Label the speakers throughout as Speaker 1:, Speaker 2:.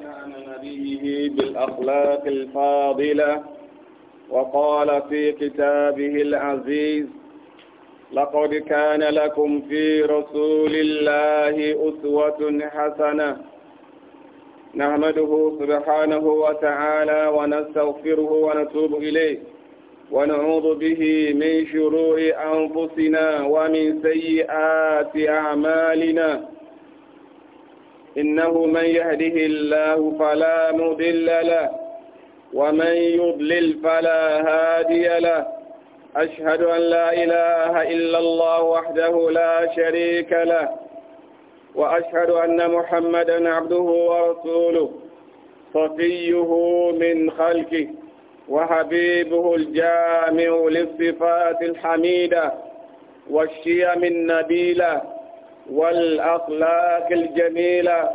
Speaker 1: شأن نبيه بالأخلاق الفاضلة وقال في كتابه العزيز لقد كان لكم في رسول الله أسوة حسنة نحمده سبحانه وتعالى ونستغفره ونتوب إليه ونعوذ به من شرور أنفسنا ومن سيئات أعمالنا إنه من يهده الله فلا مضل له ومن يضلل فلا هادي له أشهد أن لا إله إلا الله وحده لا شريك له وأشهد أن محمدا عبده ورسوله صفيه من خلقه وحبيبه الجامع للصفات الحميدة والشيم النبيله والأخلاق الجميلة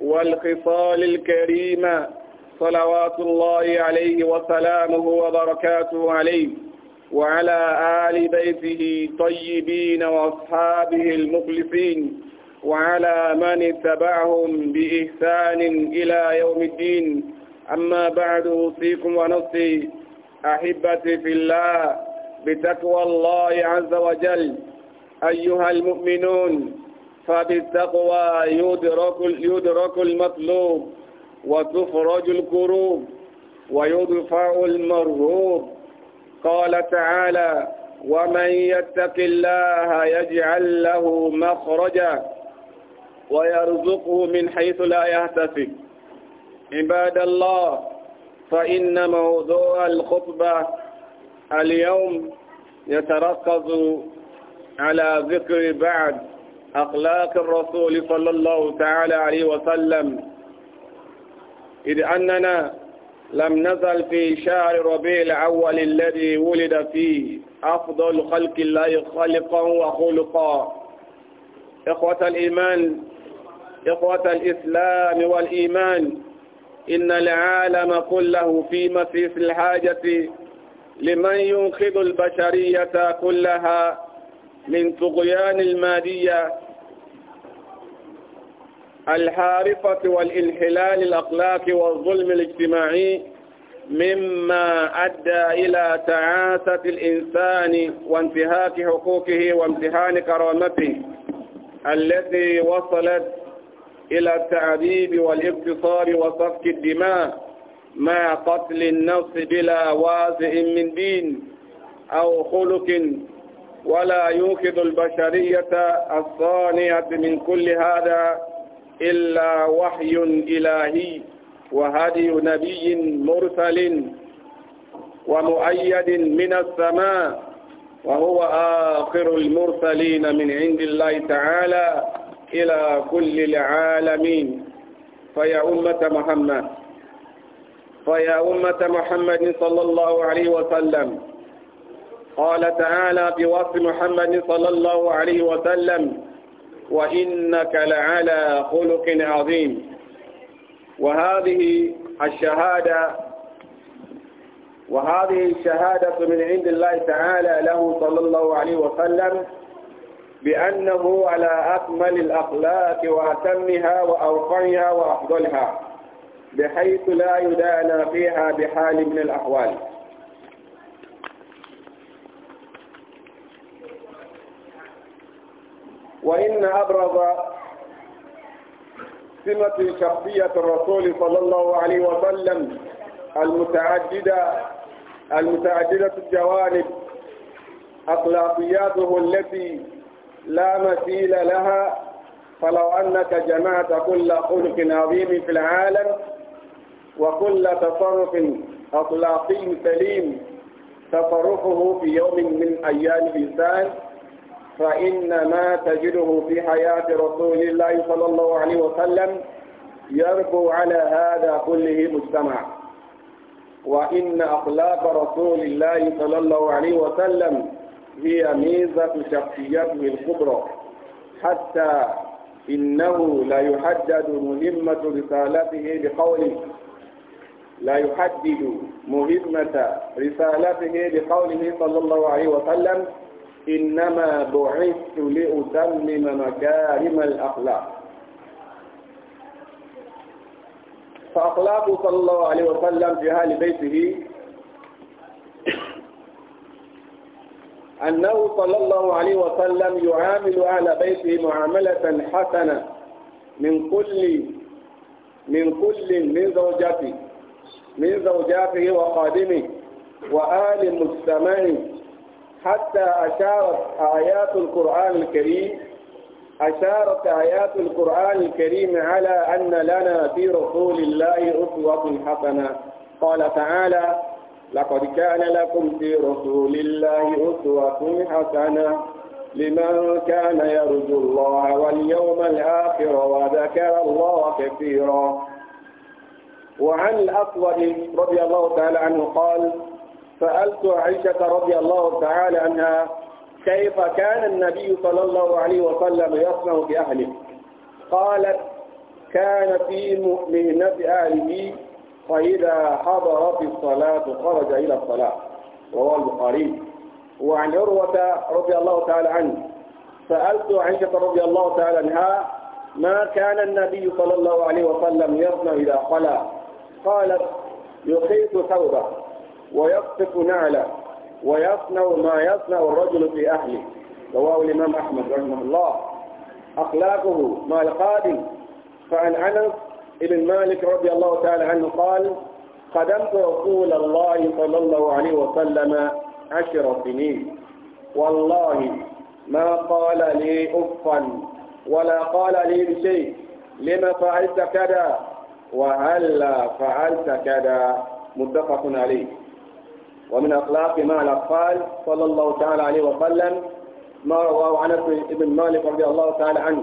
Speaker 1: والخصال الكريمة صلوات الله عليه وسلامه وبركاته عليه وعلى آل بيته طيبين وأصحابه المخلصين وعلى من اتبعهم بإحسان إلى يوم الدين أما بعد أوصيكم ونفسي أحبتي في الله بتقوى الله عز وجل أيها المؤمنون فبالتقوى يدرك يدرك المطلوب وتفرج الكروب ويدفع المرهوب قال تعالى ومن يتق الله يجعل له مخرجا ويرزقه من حيث لا يحتسب عباد الله فإن موضوع الخطبة اليوم يتركز على ذكر بعد أخلاق الرسول صلى الله تعالى عليه وسلم إذ أننا لم نزل في شهر ربيع الأول الذي ولد فيه أفضل خلق الله خلقا وخلقا إخوة الإيمان إخوة الإسلام والإيمان إن العالم كله في مسيس الحاجة لمن ينقذ البشرية كلها من طغيان المادية الحارقة والانحلال الأخلاقي والظلم الاجتماعي مما أدى إلى تعاسة الإنسان وانتهاك حقوقه وامتحان كرامته التي وصلت إلى التعذيب والاقتصار وسفك الدماء مع قتل النفس بلا وازع من دين أو خلق ولا يوقظ البشرية الصانعة من كل هذا إلا وحي إلهي وهدي نبي مرسل ومؤيد من السماء وهو آخر المرسلين من عند الله تعالى إلى كل العالمين فيا أمة محمد فيا أمة محمد صلى الله عليه وسلم قال تعالى بوصف محمد صلى الله عليه وسلم وإنك لعلى خلق عظيم وهذه الشهادة وهذه الشهادة من عند الله تعالى له صلى الله عليه وسلم بأنه على أكمل الأخلاق وأتمها وأوقعها وأفضلها بحيث لا يدانى فيها بحال من الأحوال وإن أبرز سمة شخصية الرسول صلى الله عليه وسلم المتعددة المتعددة الجوانب أخلاقياته التي لا مثيل لها فلو أنك جمعت كل خلق عظيم في العالم وكل تصرف أخلاقي سليم تصرفه في يوم من أيام الإنسان فإن ما تجده في حياة رسول الله صلى الله عليه وسلم يربو على هذا كله مجتمع وإن أخلاق رسول الله صلى الله عليه وسلم هي ميزة شخصيته الكبرى حتى إنه لا يحدد مهمة رسالته بقوله لا يحدد مهمة رسالته بقوله صلى الله عليه وسلم إنما بعثت لأتمم مكارم الأخلاق فأخلاقه صلى الله عليه وسلم في أهل بيته أنه صلى الله عليه وسلم يعامل أهل بيته معاملة حسنة من كل من كل من زوجته من زوجاته وخادمه وآل مجتمعه حتى أشارت آيات القرآن الكريم أشارت آيات القرآن الكريم على أن لنا في رسول الله أسوة حسنة قال تعالى لقد كان لكم في رسول الله أسوة حسنة لمن كان يرجو الله واليوم الآخر وذكر الله كثيرا وعن الأسود رضي الله تعالى عنه قال سألت عائشة رضي الله تعالى عنها كيف كان النبي صلى الله عليه وسلم يصنع بأهله قالت كان في مؤمنة أهله فإذا حضرت الصلاة خرج إلى الصلاة رواه البخاري وعن عروة رضي الله تعالى عنه سألت عائشة رضي الله تعالى عنها ما كان النبي صلى الله عليه وسلم يصنع إذا خلا قالت يخيط ثوبه ويقطف نعله ويصنع ما يصنع الرجل في أهله رواه الإمام أحمد رحمه الله أخلاقه ما القادم فعن أنس بن مالك رضي الله تعالى عنه قال قدمت رسول الله صلى الله عليه وسلم عشر سنين والله ما قال لي أفا ولا قال لي بشيء لما فعلت كذا وهلا فعلت كذا متفق عليه ومن أخلاق مع قال صلى الله تعالى عليه وسلم ما رواه عن ابن مالك رضي الله تعالى عنه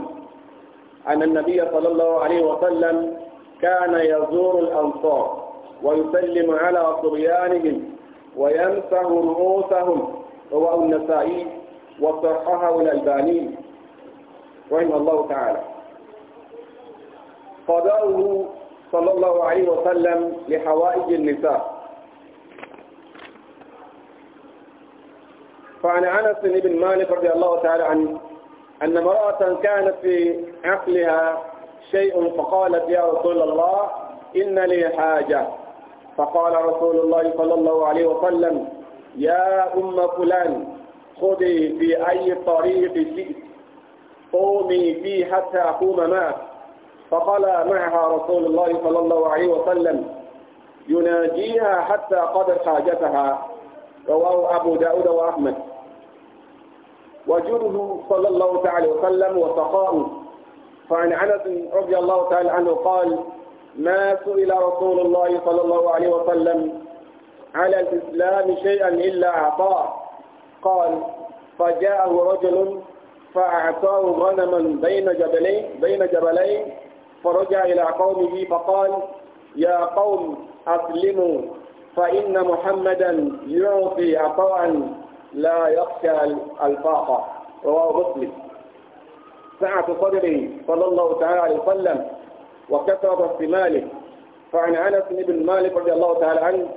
Speaker 1: أن النبي صلى الله عليه وسلم كان يزور الأنصار ويسلم على صبيانهم ويمسح رؤوسهم رواه النسائي وصححه الألباني رحمه الله تعالى قضاؤه صلى الله عليه وسلم لحوائج النساء فعن أنس بن مالك رضي الله تعالى عنه أن امرأة كانت في عقلها شيء فقالت يا رسول الله إن لي حاجة فقال رسول الله صلى الله عليه وسلم يا أم فلان خذي في أي طريق شئت قومي فيه حتى أقوم معك فقال معها رسول الله صلى الله عليه وسلم يناجيها حتى قضت حاجتها رواه أبو داود وأحمد وجره صلى الله تعالى وسلم وسخاؤه فعن انس رضي الله تعالى عنه قال ما سئل رسول الله صلى الله عليه وسلم على الإسلام شيئا إلا اعطاه قال فجاءه رجل فأعطاه غنما بين جبلين بين جبلين فرجع إلى قومه فقال يا قوم أسلموا فإن محمدا يعطي عطاء لا يخشى الفاقة رواه مسلم سعة صدره صلى الله تعالى عليه وسلم وكثرة احتماله فعن أنس بن مالك رضي الله تعالى عنه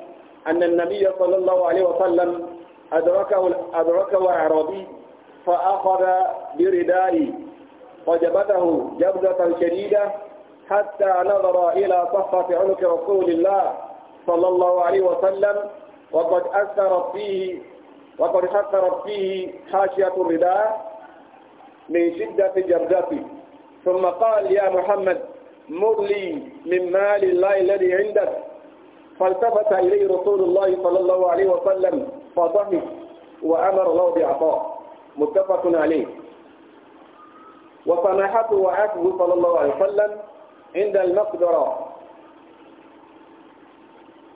Speaker 1: أن النبي صلى الله عليه وسلم أدركه أدركه أعرابي فأخذ بردائي وجبته جبدة شديدة حتى نظر إلى صفة عنق رسول الله صلى الله عليه وسلم وقد أثرت فيه وقد حقرت فيه حاشية الرداء من شدة جردته ثم قال يا محمد مر لي من مال الله الذي عندك فالتفت إليه رسول الله صلى الله عليه وسلم فضحك وأمر له بعطاء متفق عليه وسماحته وعفوه صلى الله عليه وسلم عند المقدرة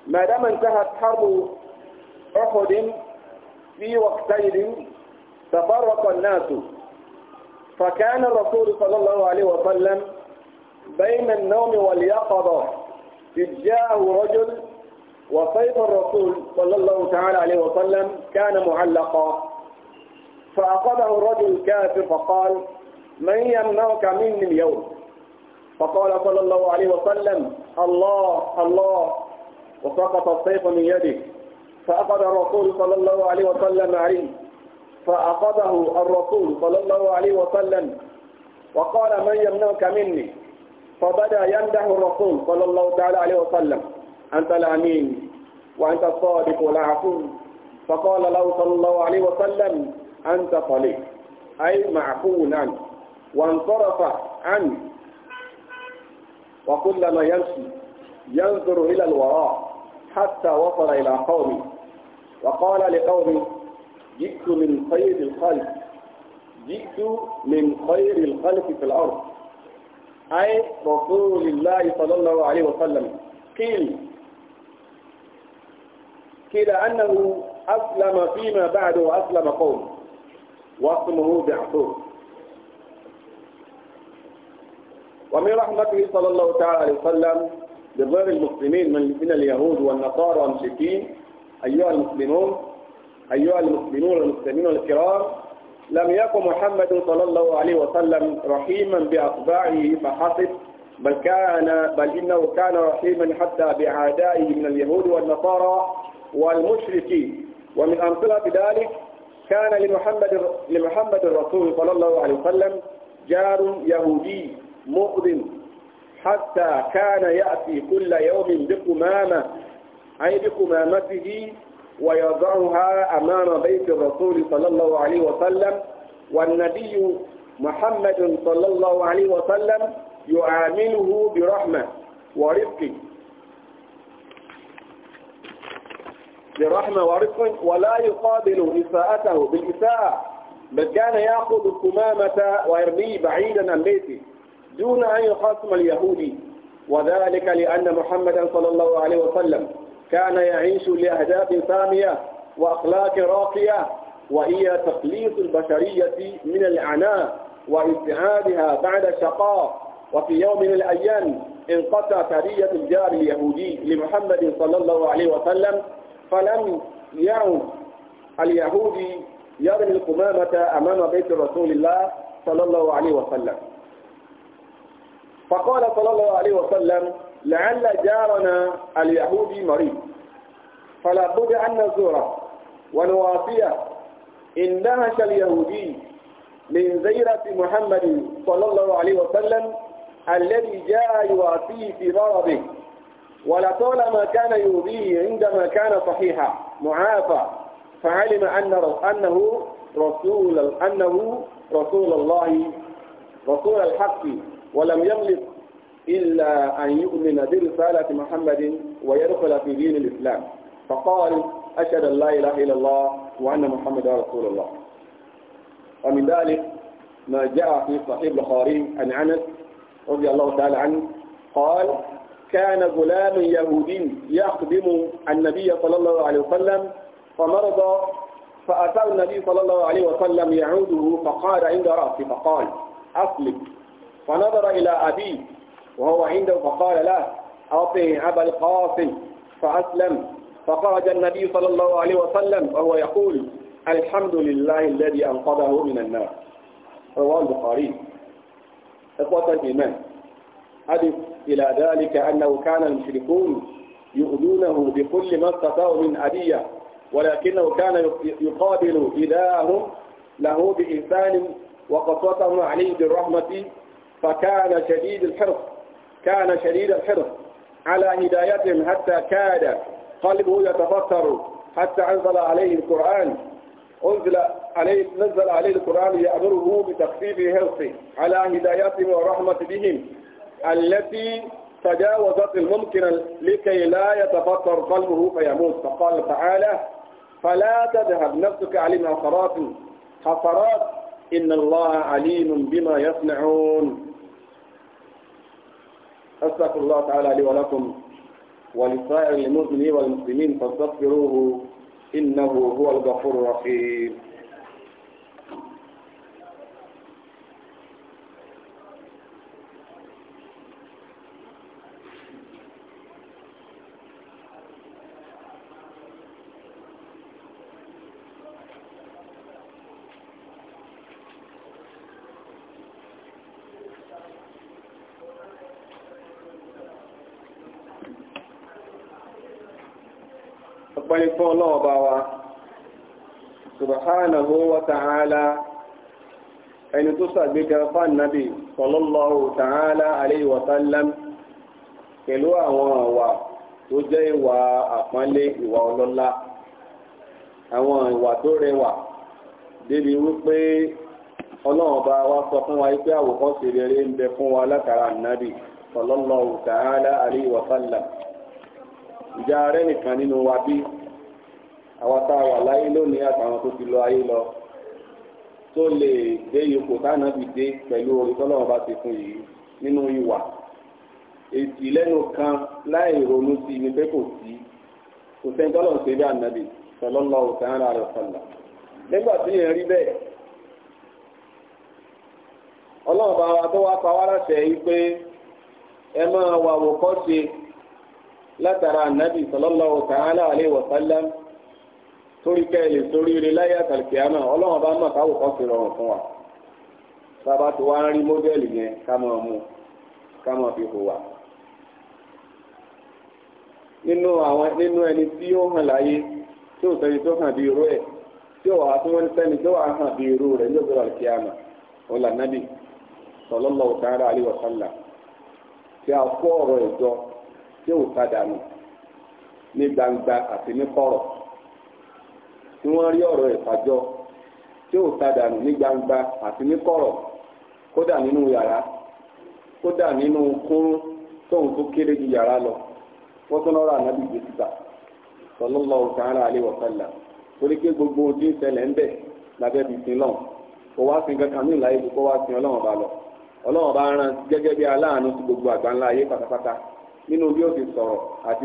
Speaker 1: ما دام انتهت حرب أحد في وقتين تفرق الناس فكان الرسول صلى الله عليه وسلم بين النوم واليقظة إذ جاءه رجل وسيف الرسول صلى الله تعالى عليه وسلم كان معلقا فأخذه الرجل الكافر فقال من يمنعك مني اليوم فقال صلى الله عليه وسلم الله الله وسقط السيف من يده فأخذ الرسول صلى الله عليه وسلم عليه فأخذه الرسول صلى الله عليه وسلم وقال من يمنعك مني فبدأ يمدح الرسول صلى الله تعالى عليه وسلم أنت الأمين وأنت الصادق والعفو فقال له صلى الله عليه وسلم أنت صليح أي معفو عنه وانصرف عنه وكلما يمشي ينظر إلى الوراء حتى وصل إلى قومه وقال لقومي جئت من خير الخلق جئت من خير الخلق في الأرض أي رسول الله صلى الله عليه وسلم قيل قيل أنه أسلم فيما بعد وأسلم قوم واسمه بعثور ومن رحمته صلى الله تعالى عليه وسلم بغير المسلمين من اليهود والنصارى والمشركين أيها المسلمون أيها المسلمون المسلمين الكرام لم يكن محمد صلى الله عليه وسلم رحيما بأتباعه فحسب بل كان بل إنه كان رحيما حتى بأعدائه من اليهود والنصارى والمشركين ومن أمثلة ذلك كان لمحمد لمحمد الرسول صلى الله عليه وسلم جار يهودي مؤذن حتى كان يأتي كل يوم بقمامة أي بقمامته ويضعها أمام بيت الرسول صلى الله عليه وسلم والنبي محمد صلى الله عليه وسلم يعامله برحمة ورفق برحمة ورفق ولا يقابل إساءته بالإساءة بل كان يأخذ الكمامة ويرميه بعيدا عن بيته دون أن يخاصم اليهودي وذلك لأن محمدا صلى الله عليه وسلم كان يعيش لأهداف سامية وأخلاق راقية وهي تخليص البشرية من العناء وابتعادها بعد الشقاء وفي يوم من الأيام انقطع سرية الجار اليهودي لمحمد صلى الله عليه وسلم فلم يعد اليهودي يرمي القمامة أمام بيت رسول الله صلى الله عليه وسلم فقال صلى الله عليه وسلم لعل جارنا اليهودي مريض فلا بد أن نزوره ونوافيه إن اليهودي من زيرة محمد صلى الله عليه وسلم الذي جاء يوافيه في مرضه ولطالما كان يؤذيه عندما كان صحيحا معافى فعلم أن أنه رسول أنه رسول الله رسول الحق ولم يملك إلا أن يؤمن برسالة محمد ويدخل في دين الإسلام فقال أشهد أن لا إله إلا الله وأن محمدا رسول الله ومن ذلك ما جاء في صحيح البخاري عن أنس رضي الله تعالى عنه قال كان غلام يهودي يخدم النبي صلى الله عليه وسلم فمرض فأتى النبي صلى الله عليه وسلم يعوده فقال عند رأسه فقال أصلب فنظر إلى أبيه وهو عنده فقال له أعطه أبا القاسم فأسلم فخرج النبي صلى الله عليه وسلم وهو يقول الحمد لله الذي أنقذه من النار رواه البخاري إخوة الإيمان أضف إلى ذلك أنه كان المشركون يؤذونه بكل ما استطاعوا من أذية ولكنه كان يقابل إذاهم له بإنسان وقصته عليه بالرحمة فكان شديد الحرص كان شديد الحرص على هدايتهم حتى كاد قلبه يتفكر حتى أنزل عليه القرآن أنزل عليه نزل عليه القرآن يأمره بتخفيف حرصه على هدايتهم والرحمة بهم التي تجاوزت الممكن لكي لا يتفطر قلبه فيموت فقال تعالى فلا تذهب نفسك عليهم حسرات حسرات إن الله عليم بما يصنعون أستغفر الله تعالى لي ولكم ولسائر المسلمين والمسلمين فاستغفروه إنه هو الغفور الرحيم ọpẹ́ ifọ́ ọlọ́ọ̀bá wa subhanahu wa ta'ala ẹni tó sàgbéga nabi, sallallahu ta'ala alayhi wa sallam pẹ̀lú àwọn àwà tó jẹ́ ìwà àpọ́nlé ìwà ọlọ́lá àwọn ìwà tó rẹwà débi wípé wa sọ fún wa pé àwòkọ́ṣe rere ń bẹ fún wa látara sallallahu ta'ala alayhi wa sallam ìjà rẹ̀ nìkan nínú wa bíi àwọn tá a wà láyé lónìí àtàwọn tó ti lọ ayé lọ tó lè dé ipò táwọn ti dé pẹ̀lú orí tọ́lọ́wọ́n bá ti fún yìí nínú ìwà èsì lẹ́nu kan láì ronú sí ni pé kò sí kò sẹ́ni tọ́lọ́wọ́n ṣe bí ànábì sallallahu ta'ala alaihi wasallam nígbà tí yẹn rí bẹ́ẹ̀ ọlọ́run bá wa tó wá pa wá láṣẹ yìí pé ẹ máa wà kọ́ ṣe látara ànábì sallallahu ta'ala alaihi wasallam torí kẹ́ ẹ lè torí rẹ láyé àtàlùkì àmà ọlọ́run bá mọ̀ káwọ́ kan fi rọrùn fún wa bàbá tó wá ń rí mọ́dẹ́lì yẹn ká máa mú ká máa fi hùwà. nínú àwọn nínú ẹni tí ó hàn láyé tí ò sẹ́ni tó hàn bí irú ẹ̀ tí ò wá tí sẹ́ni tó wà hàn bí irú rẹ̀ ní òbúrò àlùkì àmà ọ̀làǹdàbì sallallahu ta'ala alaihi wa sallam tí a kó ọ̀rọ̀ ìjọ tí ò sádàánù ní tí wọ́n rí ọ̀rọ̀ ìpàjọ́ tí ò ta dànù ní gbangba àti ní kọ̀rọ̀ kódà nínú yàrá kódà nínú kúrú tóun tó kéré ju yàrá lọ wọ́n tún lọ́rọ̀ ànábì gbé síta sallallahu ta'ala alaihi gbogbo ojú ìṣẹ̀lẹ̀ ń lábẹ́ bíi sin lọ́hùn kò sin kankan kó sin ọlọ́run lọ ọlọ́run rán gẹ́gẹ́ bí gbogbo àgbáńlá ayé pátápátá nínú bí ó ti sọ̀rọ̀ àti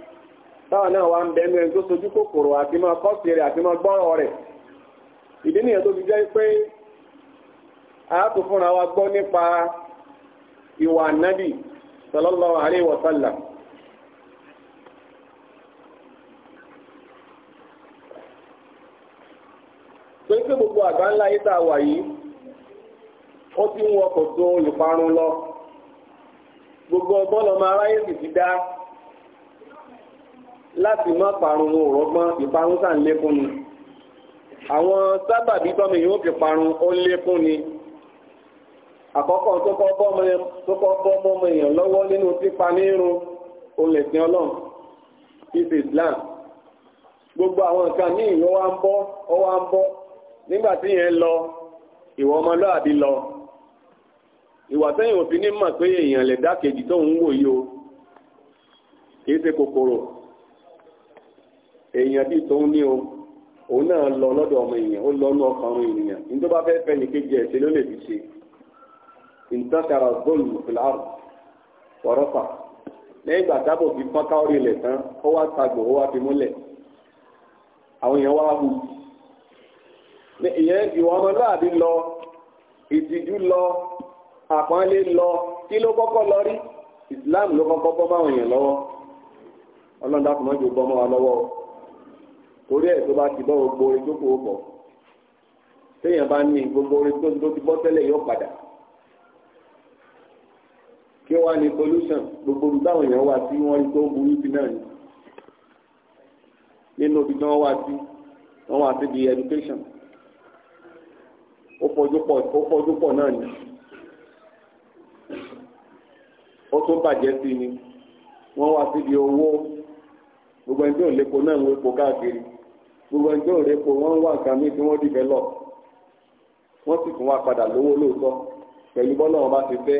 Speaker 1: táwọn náà wà ń bẹ ẹnu tó sojú kòkòrò àti máa kọ́sì rẹ̀ àti máa gbọ́rọ̀ rẹ̀ ìdí nìyẹn tó fi jẹ́ pé aáko wa gbọ́ nípa ìwà nábì gbogbo àgbà ńlá yìí a wà yìí ti ń wọkọ̀ tó olùparun lọ gbogbo ọgbọ́n lọ́mọ aráyé sì ti dá. láti má parun wọn ò rọgbọ́n ìparun sáà ń lékún ni àwọn sábàbí tọ́mọ yìí ó fi parun ó lékún ni àkọ́kọ́ tó kọ́ bọ́ ọmọ èèyàn lọ́wọ́ nínú pípa nírun olùsìn ọlọ́run fífi Islam gbogbo àwọn nǹkan míì ló wá ń bọ́ ó wá ń bọ́ nígbà tí yẹn lọ ìwà ọmọlúàbí lọ ìwà sẹ́yìn òfin ní mọ̀ pé èèyàn lè dá kejì tóun ń wò yìí o kì í ṣe kòkòrò èèyàn bíi tòun ní o òun náà lọ lọ́dọ̀ ọmọ èèyàn ó lọ nú ọkàn ọmọ ènìyàn nítorí bá fẹ́ fẹ́ nìkejì ẹ̀ṣẹ̀ ló lè fi ṣe ìtàkàrà góòlù fìlàrù ọ̀rọ̀fà lẹ́yìn ìgbà tábò fi pọ́nká orí ilẹ̀ tán ó wá tagbò ó wá fi múlẹ̀ àwọn èèyàn wá wù ìyẹn ìwà ọmọláàbí lọ ìtìjú lọ àpọ́nlé lọ kí ló kọ́kọ́ lọ rí Islam ló kọ́kọ́ bọ́ máwọn èèyàn lọ́wọ́ ọlọ́dà kò bọ́ mọ́ lọ́wọ́ o torí ẹ̀ tó bá ti bọ́ gbogbo orin tó kù ó bọ̀ téèyàn bá ní gbogbo orin tó tó ti bọ́ tẹ́lẹ̀ yóò padà kí wàá ní pollution gbogbo olùdáwọn èèyàn wá sí wọn rí tó burú sí náà ni nínú ibi tí wọ́n wá sí wọ́n wá sí di education ó fojú pọ̀ ó fojú pọ̀ náà ni ó tún bàjẹ́ sí ni wọ́n wá sí di owó gbogbo ẹni tí ò lépo náà ń wépo káàkiri gbogbo ẹjọ́ òrèpo wọ́n ń wá nǹkan míì tí wọ́n develop wọ́n sì tún wá padà lówó lóòótọ́ pẹ̀lú bọ́lá wọn bá ti fẹ́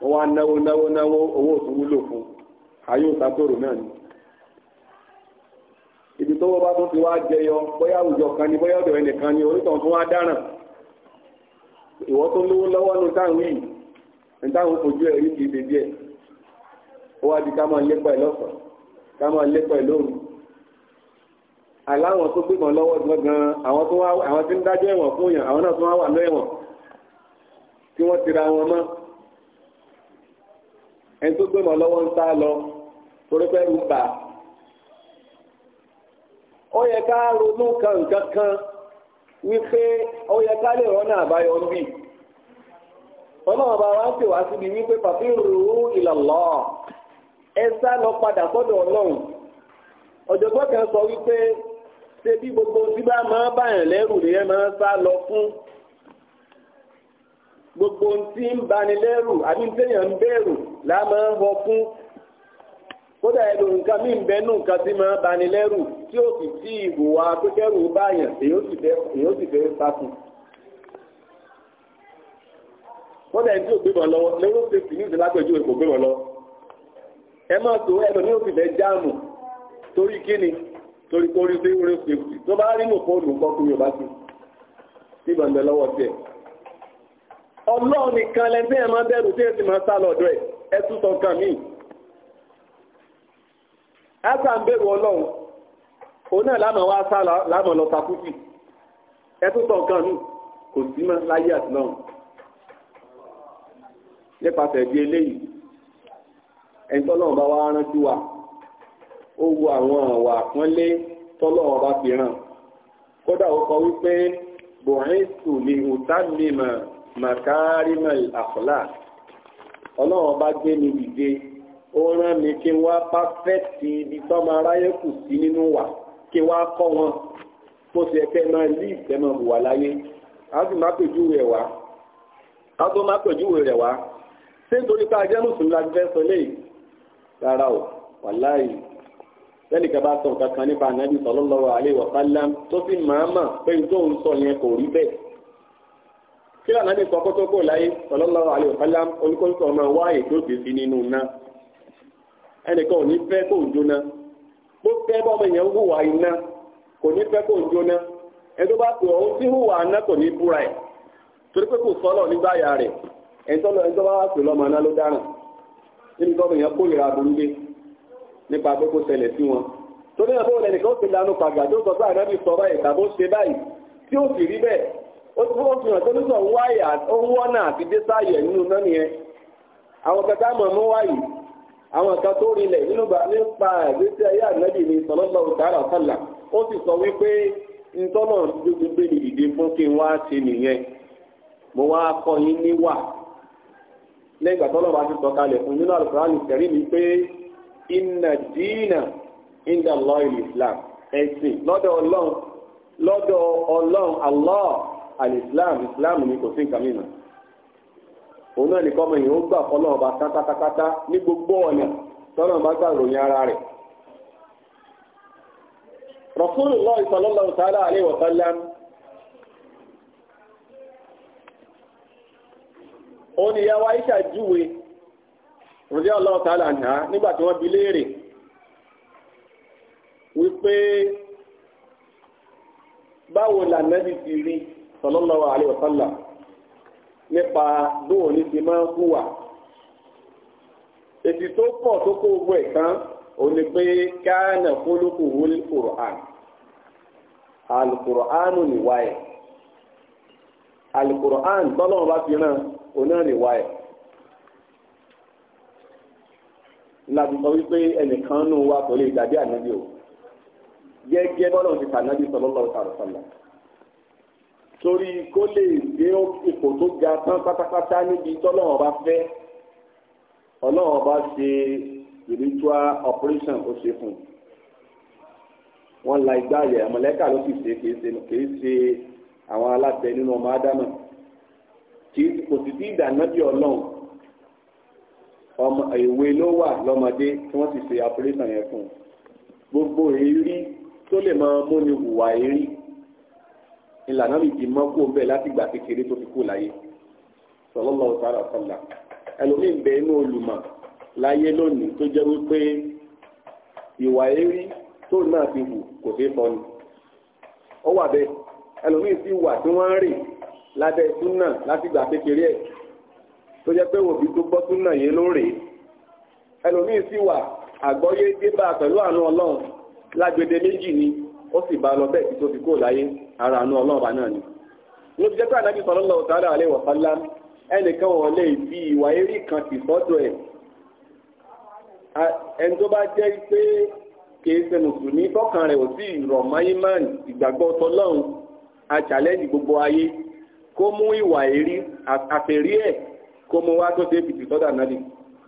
Speaker 1: wọ́n wá náwó náwó náwó owó òtún wúlò fún ayé òtátòrò náà ni ibi tó wọ́n bá tún ti wá jẹyọ bóyá àwùjọ kan ni bóyá ọ̀dọ̀ ẹnìkan ni onítàn tún wá dáràn ìwọ́ tó lówó lọ́wọ́ ní táwọn yìí ní táwọn fojú ẹ̀rí kì í ṣe díẹ̀ ó wá di ká máa lépa ẹ̀ lọ́sàn-án ká máa lépa ẹ̀ lóru aláwọn tó gbé wọn lọ́wọ́ gangan àwọn tó wá àwọn tí ń dájọ́ ẹ̀wọ̀n fún yàn àwọn náà tó wá wà lẹ́wọ̀n tí wọ́n ti ra wọn mọ́ ẹni tó gbé wọn lọ́wọ́ ń sá lọ torí pé ń bà ó yẹ ká ronú kan nǹkan kan wípé ó yẹ ká lè rọ́nà àbáyọ bíi ọlọ́run bá wá ń pè wá síbi wípé pàfi rúurú ìlọ̀lọ́ ẹ sá lọ padà sọ́dọ̀ ọlọ́run ọ̀jọ̀gbọ́n kan sọ wípé Sebi bí gbogbo tí bá máa bàyàn lẹ́rù nìyẹn máa sá lọ fún gbogbo tí ń bani lẹ́rù àbí téèyàn ń bẹ̀rù là máa ń họ fún kódà ẹ̀rọ nǹkan mí ń bẹnu nǹkan tí máa bani lẹ́rù tí ó sì tí ìwò wa akẹ́kẹ́rù báyàn èyí ó sì fẹ́ sákùn kódà ẹni tí ò gbébọn lọ́wọ́ lẹ́rù sèkì ní ìsìlá pẹ̀jú èkó gbébọn lọ́wọ́ ẹ máa tó ẹlòmíì ó sì fẹ́ jáàmù torí kíni torí kó rí sí orí fèkì tó bá rí nùkọ́ olùkọ́ fún yorùbá sí tí bàbá lọ́wọ́ tiẹ̀. ọlọ́run nìkan lẹ́ńtẹ́ ẹ̀ máa bẹ̀rù tí ẹ sì máa sá lọ́dọ̀ ẹ̀ ẹ tún sọ kàn mí. ásà ń bẹ̀rù ọlọ́run òun náà lámà wá sá lámà lọ sakúkì ẹ tún sọ kàn mí kò sí mọ́ láyé àti lọ́run. nípasẹ̀ bí eléyìí ẹ̀ńtọ́ lọ́run bá wá rántí wa ó wo àwọn àwà àpọ́nlé tọ́lọ́wọ́ bá fi ràn kódà ó kọ wípé bọ̀hínsù ni ùtàmìmọ̀ màkàrímọ̀ àfọlá ọlọ́wọ́ bá gbé mi dìde ó rán mi kí wá pàfẹ́tì ibi tọ́mọ aráyé kù sí nínú wà kí wá kọ́ wọn bó ṣe kẹ́ máa lé ìfẹ́ máa hùwà láyé a sì má pèjúwe rẹ̀ wá a tó má pèjúwe rẹ̀ wá ṣé nítorí pé ajẹ́ mùsùlùmí la ti fẹ́ sọ léyìí rárá o wàláyìí lẹ́nìkan bá sọ nǹkan kan nípa ànábì sallallahu alaihi wa sallam tó sì màámà pé n tó ń sọ yẹn kò rí bẹ́ẹ̀ kí lànà bí sọkó tó kò láyé sallallahu alaihi wa sallam oníkóńtò ọmọ wá ètò òṣèṣì nínú náà ẹnìkan ò ní fẹ́ kó ń jóná bó fẹ́ bọ́mọ èèyàn hùwà iná kò ní fẹ́ kó ń jóná ẹni tó bá pè ọ́ tí hùwà iná kò ní búra ẹ̀ torí pé kò sọ́lọ̀ nígbà nípa pé kó ṣẹlẹ̀ sí wọn tó ní ọ̀bọ̀ ẹnìkan ó ti lanu pàgà tó sọ pé ànábì sọ báyìí tàbí ó ṣe báyìí tí ó sì rí bẹ́ẹ̀ ó ti fọwọ́ fihàn tó nísọ̀ ń wáyà ó ń wọ́nà àti dé sáyẹ̀ nínú náà nìyẹn àwọn kẹta mọ̀ mú wáyì àwọn kan tó rinlẹ̀ nínú sọ wípé ntọ́nà gbogbo ní ìdè fún kí n wá ṣe nìyẹn mo wá kọ́ yín níwà tọ́lọ́ inna dina inda allah islam ẹ̀sìn lọ́dọ̀ ọlọ́run lọ́dọ̀ ọlọ́run allah alislam islam ni kò sí nǹkan mìíràn òun náà nìkan ọmọ èèyàn ó gbà fọlọ́run ọba kátákátákátá ní gbogbo ọ̀nà tọ́nà bá gbà ròyìn ara rẹ̀ rasulullah sallallahu ta'ala alayhi wa sallam òun ìyàwó aisha júwe rọ̀dí ọlọ́wọ́ tààlà nà á nígbà tí wọ́n bi léèrè wípé báwo la nẹ́bí ti rí sallallahu alaihi wasallam nípa bóun ní ti máa ń hùwà èsì tó pọ̀ tó kó gbogbo ẹ̀ tán òun ni pé káànà fólókù wọlé kùrọ̀án alukùrọ̀ánù nìwáyẹ̀ alukùrọ̀án tọ́lọ́wọ́n bá fi ràn òun náà nìwáyẹ̀. láti sọ wípé ẹnìkan nù wa kò lè dàbí ànábì o gẹ́gẹ́ bọ́lá ti tànábì sallallahu alaihi wasallam torí kó lè dé ipò tó ga tán pátápátá níbi tọ́lọ́run bá fẹ́ ọlọ́run bá ṣe spiritual operation ó ṣe fún un wọ́n la igbá yẹ mọ̀lẹ́kà ló sì ṣe kìí ṣe kìí ṣe àwọn aláṣẹ nínú ọmọ ádámà kìí kò sì sí ìdánábì ọlọ́run ọmọ ìwé ló wà lọ́mọdé tí wọ́n ti ṣe operation yẹn fún gbogbo èrí tó lè máa múni hùwà èrí ìlànà mi ti mọ́ kó bẹ́ẹ̀ láti gbà kékeré tó fi kó láyé sallallahu ta'ala sọlá ẹlòmíín bẹ inú olùmọ̀ láyé lónìí tó jẹ́ wípé ìwà èrí tó náà ti hù kò fi fọ́ni ó wà bẹ́ẹ̀ ẹlòmíín sì wà tí wọ́n ń rìn lábẹ́ súnà láti gbà kékeré ẹ̀ tó jẹ́ pé òbí tó gbọ́ súnà yé lóore ẹlòmíín sì wà àgbọ́yé débà pẹ̀lú àánú ọlọ́run lágbede méjì ni ó sì bá lọ bẹ́ẹ̀ tí tó fi kó láyé ara àánú ọlọ́run bá náà ni. ló fi jẹ́ pé ànábì sallallahu ta'ala alaihi wa sallam ẹnìkan wọn lè fi ìwà eré kan tì sọ́dọ̀ ẹ̀ ẹni tó bá jẹ́ pé kìí ṣe mùsùlùmí tọ́kàn rẹ̀ ò sí ìrọ̀ máyímán ìgbàgbọ́ tọlọ́run àṣàlẹ́ ní ayé kó mú ìwà eré àfẹ̀rí ẹ̀ kó mo wá tó débi tì sọ́dọ̀ ànábì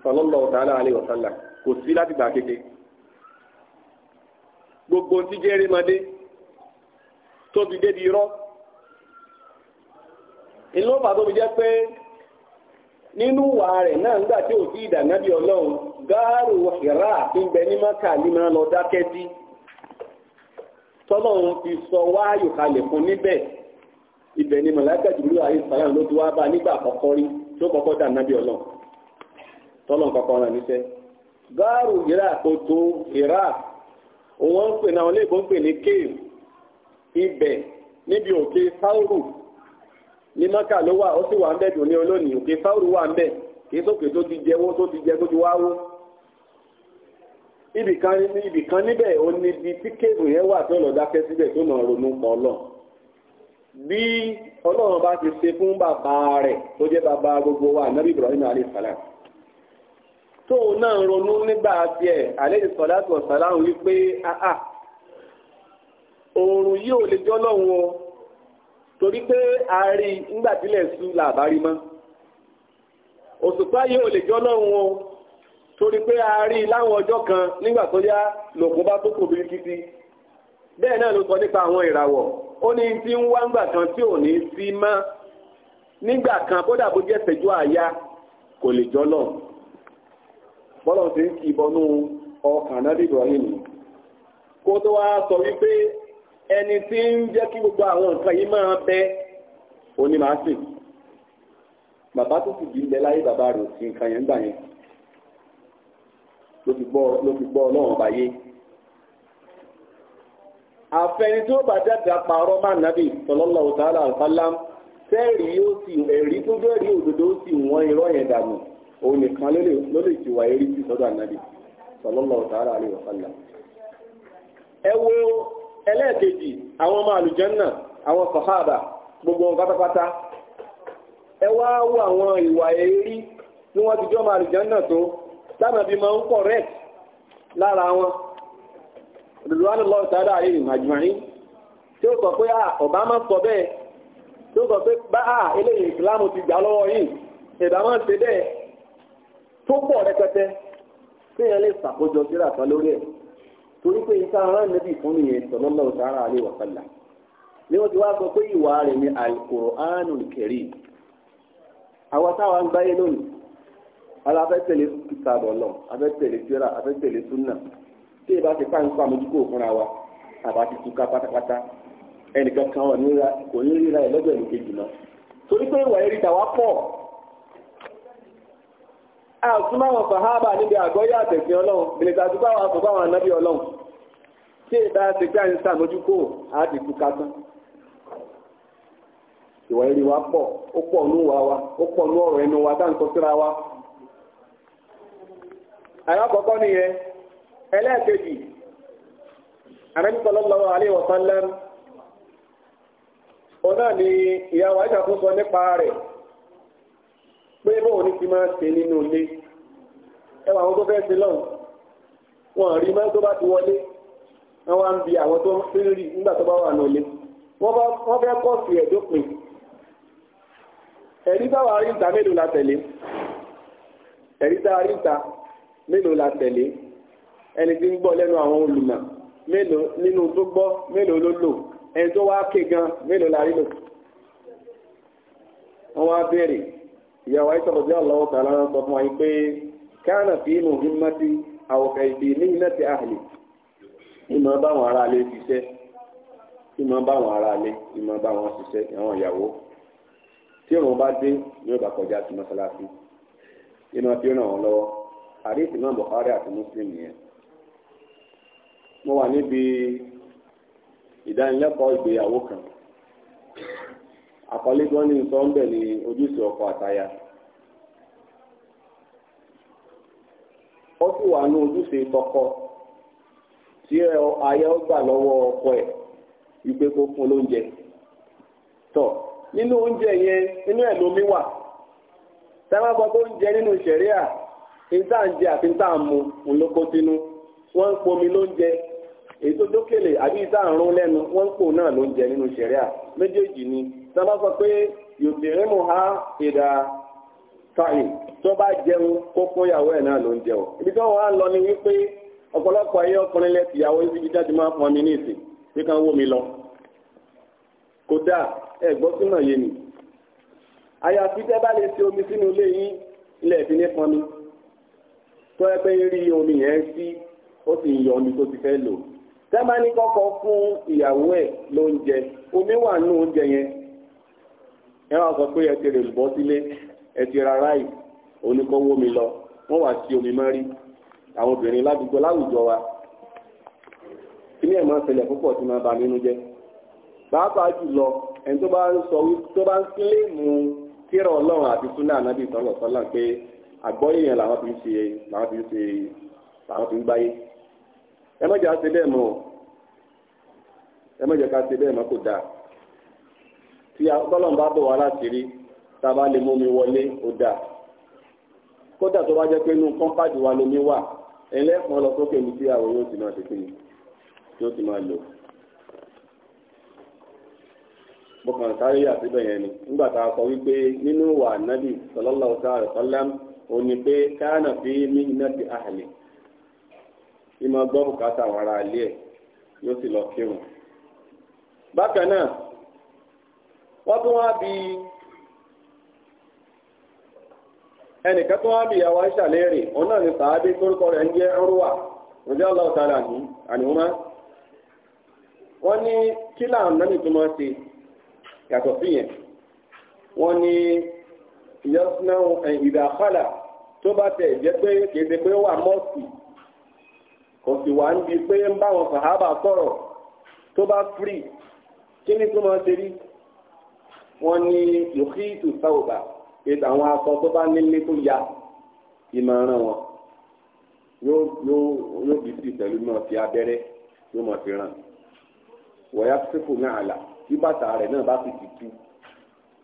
Speaker 1: sallallahu kò sí láti gbà kéke gbogbo ti jẹ́rìí mọ́dé dị. débi inú ìlú tó tóbi jẹ́ pé nínú wà rẹ̀ náà nígbà tí ò sí ìdànábì ọlọ́run gáàrù ìrà ní mọ́kà ní máa lọ dákẹ́ sí tọ́lọ́run sọ wáyò kalẹ̀ fún níbẹ̀ ibẹ̀ ni jùlọ àyè ló ti tó kọ́kọ́ dà nábì ọlọ́ tọ́lọ́ kọ́kọ́ rán níṣẹ́ gáàrù iraq kòtò iraq òun pè náà wọn léèbó ń pè ní kéèm ibẹ̀ níbi òkè fáwùrù ní mọ́kà ló wà ó sì wà ń ní olónìí òkè wà ń bẹ̀ kì ti tó ti jẹ tó ti níbẹ̀ ó ní tí kéèmù yẹn wà tó lọ dákẹ́ síbẹ̀ tó mọ̀ bí ọlọ́run bá ti ṣe fún bàbá rẹ̀ tó jẹ́ bàbá gbogbo wa nàbí Ibrahim alayhisalaam tóun náà ronú nígbà tiẹ̀ alayhisalatu wasalaam wípé áà oòrùn yìí ò lè jọ́ lọ́hùn o torí pé a rí nígbà tílẹ̀ sú làbárí mọ́ òṣùpá yìí ò lè jọ́ lọ́hùn o torí pé a rí láwọn ọjọ́ kan nígbà tó yá lòkun bá tó kò bíríkítí bẹ́ẹ̀ náà ló sọ nípa àwọn ìràwọ̀ ó ní tí ń wá ńgbà kan tí ò ní sí mọ́ nígbà kan kódà bó jẹ́ ìṣẹ́jú àáyá kò lè jọ́lọ̀ bọ́lọ̀ ti ń kì í ọkàn náà Ibrahim kó tó wá sọ wípé ẹni tí ń jẹ́ kí gbogbo àwọn nǹkan yìí máa bẹ òní máa sìn bàbá tó sì jíǹde láyé bàbá rò sí nǹkan yẹn gbà yẹn ló fi gbọ́ ọlọ́run báyé àfẹni tó bá jáde parọ́ máa nàbì sallallahu ta'ala alaihi wasallam yóò sì ẹ̀rí tó rí òdodo sì wọ́n irọ́ yẹn dànù òun nìkan ló lè ti wà eré sí sọ́dọ̀ ẹ wo gbogbo wọn pátápátá ẹ wá wo àwọn ìwà tí wọ́n ti jọ́ ọmọ tó rìdùwánù lọ́wọ́ sáré àyè ìmàjùmáyé tí ó sọ pé à ah, Obama sọ bẹ́ẹ̀ tí ó sọ pé bá à ah, eléyìí ìsìlámù ti gbà lọ́wọ́ yìí ìdámà ṣe bẹ́ẹ̀ tó pọ̀ rẹpẹtẹ tí yẹn lè ṣàkójọ síra kan lórí ẹ̀ ti wá ni tí ìbá ti fáwọn fún àmójúkò fúnra wa àbá ti túká pátápátá ẹnìkan kan ọ̀ ra kò ní ríra ẹ lọ́jọ́ ìlú kejì náà torí pé ìwà ẹ̀rí tàwa pọ̀ a tún máa wọn fàhábà níbi àgọ́yà àtẹ̀sìn ọlọ́run ọlọ́run tí ti ìwà wa pọ̀ ó pọ̀ nú wa ẹlẹ́ẹ̀kejì Ànábì sallallahu alaihi wa sallam ọ̀nà ni ìyàwó àìsàkóso nípa rẹ̀ pé bóun ní ti máa ṣe nínú ilé ẹwà àwọn tó fẹ́ ṣe lọ́hùn wọn rí mọ́ tó bá ti wọlé wọn wá ń bi àwọn tó ń rí nígbà tó bá wà nù ilé fẹ́ kọ́ọ̀sì ẹ̀ dópin ẹ̀rí táwa rí ìta mélòó la tẹ̀lé ẹ̀rí táwa rí ìta mélòó la tẹ̀lé ẹni tí ń gbọ́ lẹ́nu àwọn olùmọ̀ mélòó nínú tó gbọ́ mélòó ló lò ẹni tó wá ké gan mélòó la rí lò. wọ́n wá béèrè ìyàwó àìsàn bí ọlọ́wọ́ tààlà náà sọ fún wa pé káànà fi inú himmati àwòkà ìdí ní iná ti àhìlì ìmọ̀ báwọn ará lè ṣiṣẹ́ ìmọ̀ báwọn ará lè ìmọ̀ báwọn ṣiṣẹ́ àwọn ìyàwó tí òun bá dé yóò bá kọjá sí mọ́sálásí ìmọ̀ tí ó ràn wọ́n lọ́wọ́ àdéhùn náà Bukhari àti Muslim nìyẹn. mo wà níbi ìdánilẹ́kọ̀ọ́ ìgbéyàwó kan àkọlé tí wọ́n ní sọ ń bẹ̀ ní ojúṣe ọkọ àtaya ó sì wà ní ojúṣe tọkọ tí aya ó gbà lọ́wọ́ ọkọ ẹ̀ wípé kó fún lóúnjẹ nínú oúnjẹ yẹn nínú ẹ̀ lomi wà táwọn akọkọ oúnjẹ nínú ìṣẹ̀ríà ní tá à ń jẹ àti ní tá ń mu òun sínú wọ́n ń pomi lóúnjẹ èyí tó dókèlè àbí ìta àrùn lẹ́nu wọ́n ń pò náà ló ń jẹ nínú sẹ̀ríà méjèèjì ni sábà sọ pé yòtìrín mu ha ìdá fàyè tó bá jẹun kó fún ìyàwó ẹ̀ náà ló ń jẹun ibi tó wà ń lọ ni wípé ọ̀pọ̀lọpọ̀ ayé ọkùnrin lẹ́sìn ìyàwó ibi jáde máa pọn mi ní ìsìn pé kán wó mi lọ kódà ẹ gbọ́ sínú yé ni àyàfi tẹ́ bá lè ṣe omi sínú ilé yín ilẹ̀ ìfi ní pọn mi tó ẹgbẹ́ tẹ́bá ní kọ́kọ́ fún ìyàwó ẹ̀ lóúnjẹ omi wà nínú oúnjẹ yẹn ẹ wá sọ pé ẹ ti rè bọ́ sílé ẹ ti ra ráì mi lọ wọ́n wá sí omi mọ́rí àwọn obìnrin ládùúgbò láwùjọ wa kíní ẹ̀ máa ń ṣẹlẹ̀ púpọ̀ tí máa bà nínú jẹ́ pàápàá jùlọ ẹni tó bá ń sọ tó bá ń kílèmù kíra ọlọ́run àti súnà ànábì sọlọ sọlá pé àgbọ́yé yẹn làwọn fi ń ṣe làwọn fi ń ṣe làwọn fi ń gbáyé. ẹ má jẹ́ ká bẹ́ẹ̀ mọ́ ẹ má ká bẹ́ẹ̀ mọ́ kò dáa tí ọlọ́run bá bọ̀ wá láti rí tá a bá lè mú mi wọlé ó dáa kódà tó bá jẹ́ pé inú kọ́ńpáàdì wa lomi wà ẹlẹ́kùn mi tí àwọn yóò ti máa ṣe ní pé fi ìmọ̀ gbọ́ bùkátà àwọn ará ilé ẹ̀ yóò sì lọ kírun. bákan náà wọ́n tún wá bí ẹnìkan tún wá bí ìyàwó aṣàlérè òun náà ní sàábé torúkọ rẹ̀ ń jẹ́ ọrùwà rọjò ọlọ́ọ̀tara àníwọ́n wọ́n ní kí làwọn náà nìtúmọ̀ ṣe yàtọ̀ sí yẹn wọ́n ní ìyọ́sùn ìdàkọ́là tó bá tẹ̀ jẹ́ pé kèé pé ó wà mọ́ọ̀sì kò sì wá níbi pé ń bá wọn sàhábà sọ̀rọ̀ tó bá firi kí ni tó máa ṣe rí wọn ní yòókì ìtù sáwùbà ètò àwọn aṣọ tó bá nílé tó ya ìmọ̀ràn wọn yóò yóò yóò bí sí pẹ̀lú náà fi abẹ́rẹ́ yóò máa fi ràn wọ̀yá sípò náà àlà tí bàtà rẹ̀ náà bá sì ti tú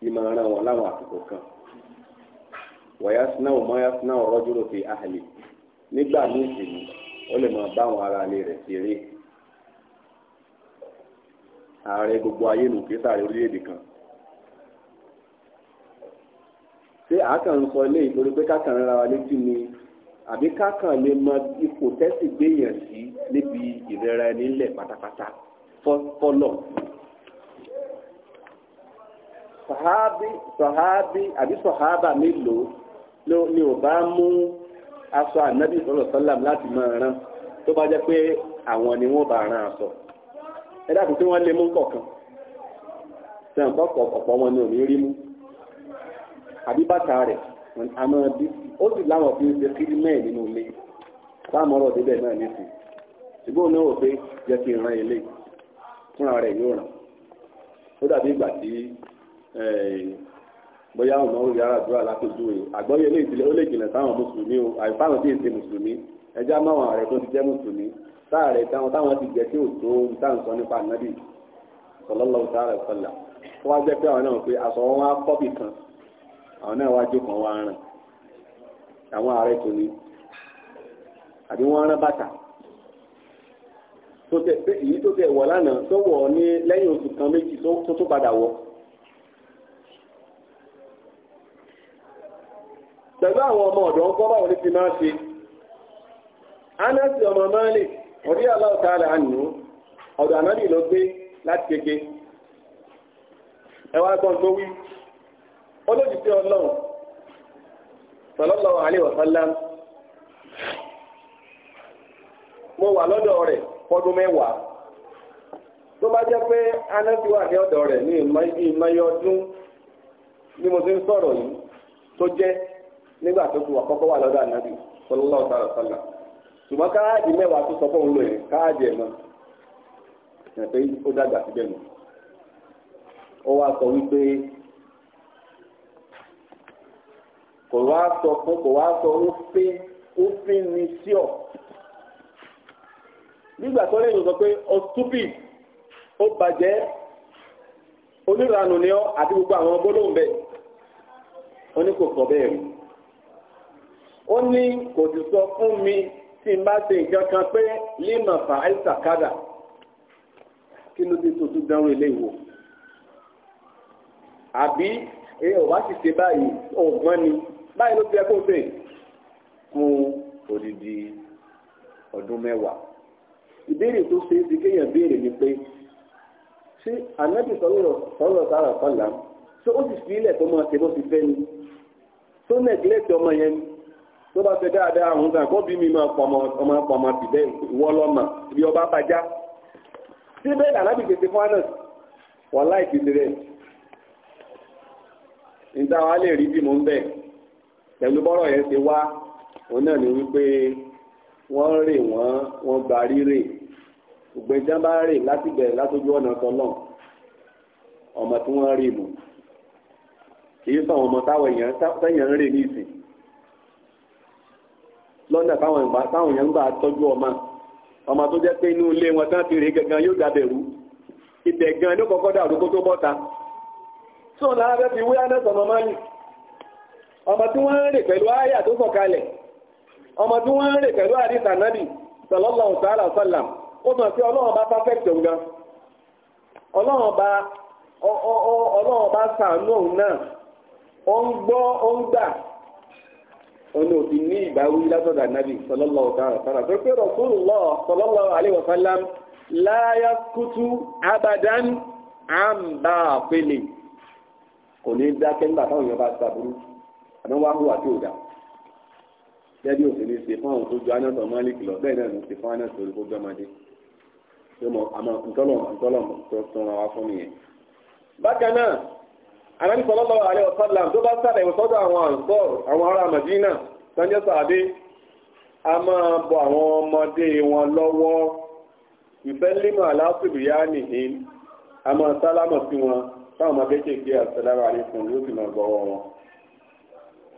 Speaker 1: ìmọ̀ràn wọn láwọn àsìkò kan wọ̀yá sináwó mọ́yá sináwó rọ́júrò fi àhàlì nígbà ní ìsinmi ó lè máa bá àwọn ará ilé rẹ̀ ṣeré ààrẹ gbogbo ayé nù kí sáré orílẹ̀-èdè kan ṣé àákàn ń sọ ilé ìtorí pé kákan ń ra wa létí ni àbí kákan lè mọ ipò tẹ́sì gbéyàn sí níbi ìrẹ́ra ẹni ńlẹ̀ pátápátá fọ́lọ̀ sọ̀hábí sọ̀hábí àbí sọ̀hábà mélòó ni ò bá mú aṣọ ànábì sọlọ sọlám láti máa rán tó bá jẹ́ pé àwọn ni wọ́n bá rán aṣọ ẹ dákun tí wọ́n lè mú kọ̀ọ̀kan sẹ́yìn kọ́kọ́ ọ̀pọ̀ wọn ni ò ní rí mú àbí bàtà rẹ̀ àmọ́ bí ó sì láwọn fi ń ṣe kiri mẹ́ẹ̀ nínú ilé sáàmù ọ̀rọ̀ débẹ̀ náà nísìn ṣùgbọ́n náà wò pé jẹ́ kí n ran ilé fúnra rẹ̀ yóò ràn ó dàbí ìgbà tí bóyá ọmọ òun yàrá àdúrà lápèjúwe àgbọ́yé ilé ìdílé ó lè jìnà sáwọn mùsùlùmí o àìfáwọn tí èsè mùsùlùmí ẹjẹ́ àmọ́wọn ààrẹ tó ti jẹ́ mùsùlùmí sáàrẹ̀ táwọn táwọn ti jẹ́ kí ò tó ohun tá à ń sọ nípa ànábì sallallahu ta'ala sallam wọ́n á jẹ́ pé àwọn náà pé aṣọ wọn á kọ́bì kan àwọn náà wá jókòó wá rán àwọn ààrẹ tó ní àbí wọ́n rán bàtà tó tẹ̀ èyí tó tẹ̀ wọ̀ lánàá tó wọ̀ ní lẹ́yìn oṣù kan méjì tó tó padà wọ̀ pẹ̀lú àwọn ọmọ ọ̀dọ́ ń kọ́ báwo ní ti máa ṣe ọmọ ànú ọ̀dọ̀ ànábì ló gbé láti kéke ẹwà gbọ́n tó wí olójútì ọlọ́run sallallahu alaihi wasallam mo wà lọ́dọ̀ rẹ̀ fọdún mẹ́wàá tó bá jẹ́ pé anasi wà ní ọ̀dọ̀ rẹ̀ ní ìmọ̀ ọdún mo ti ń sọ̀rọ̀ yìí tó jẹ́ nígbà tó ti wà kọ́kọ́ wà lọ́dọ̀ ànábì sallallahu ta'ala sallam ṣùgbọ́n káàdì mẹ́wàá tó sọ fún òun lò yẹn káàdì ẹ̀ mọ́ ẹ̀ pé ó dàgbà síbẹ̀ nù ó wá sọ wípé kò wá sọ fún kò wá sọ ó fi ó fi ní sí ọ nígbà tó lẹ́yìn sọ pé ọ stupid ó bàjẹ́ oníranù ni ọ àti gbogbo àwọn gbólóhùn bẹ́ẹ̀ ó ní kò sọ bẹ́ẹ̀ rí ó ní kò sì sọ fún mi tí n bá ṣe nǹkan kan pé lima fa aisakada kí ló dé tó tún dánwó ilé ìwò àbí ẹ ò wá sì ṣe báyìí ọgbọ́n ni báyìí ló ti ẹ kó fè fún odidi ọdún mẹ́wàá ìbéèrè tó ṣe é ti kéèyàn béèrè ni pé ṣé ànábì sọlọ sọlọ sára kọlà ṣé ó sì fi ilẹ̀ tó máa ṣe bó ti fẹ́ ni tó nẹ̀gílẹ̀tì ọmọ yẹn ni tó bá fẹ́ dáadáa àwọn nǹkan kó bí mi máa pọ̀mọ́ ọmọ pọ̀mọ́ sí bẹ́ẹ̀ wọ́ lọ́mọ bí ọba bàjá sí bẹ́ẹ̀ làlábì tètè fún anus wọ́n láì fi tirẹ̀ níta wa lè rí bí mo ń bẹ̀ pẹ̀lú bọ́rọ̀ yẹn ṣe wá òun náà ni wípé wọ́n rè wọ́n wọ́n gba rírè ògbẹ́jà bá rè láti bẹ̀rẹ̀ látọjú ọ̀nà tọ́lọ̀ ọmọ tí wọ́n rè mọ̀ kì í sọ àwọn ọmọ táwọn èèyàn ń rè ní ìsìn lọ́nà táwọn èèyàn ń gbà tọ́jú ọmọ ọmọ tó jẹ́ pé inú ilé wọn tán ti rí yóò dábẹ̀rú ibẹ̀ gan ló kọ́kọ́ dà tó bọ́ta tó lára fi náà ọmọ tí wọ́n ń rè pẹ̀lú tó sọ̀kalẹ̀ ọmọ tí wọ́n ń rè pẹ̀lú nábì ọ̀nà òbí ní ìbáwí látọ̀dọ̀ ànábì sallallahu ta'ala sọ́lá tó pé Rasulullah sallallahu alaihi wa sallam la yaskutu abadan àǹbá àpele kò ní dákẹ́ nígbà táwọn èèyàn bá sàbúrú àdánwò àhùwà tí ò dá gẹ́gẹ́ òsì ní ṣe fún àwọn tó ju anásọ̀ malik lọ bẹ́ẹ̀ náà ló ṣe fún anásọ̀ olùkó gbọ́mọdé àmọ́ ntọ́lọ̀ tó tán wa fún nìyẹn. bákan náà Ànábì sallallahu alaihi wasallam tó bá sàlẹ̀ ìwòsọ́dọ̀ àwọn àǹsọ́ọ̀ àwọn ará Màdínà sanjẹ́ sàdé a máa bọ àwọn ọmọdé wọn lọ́wọ́ ìfẹ́límọ̀ aláṣùbù yá nìyí a máa sálámọ̀ sí wọn táwọn ọmọ kéékèèké àṣẹlára rẹ fún yóò sì máa gbọ́wọ́ wọn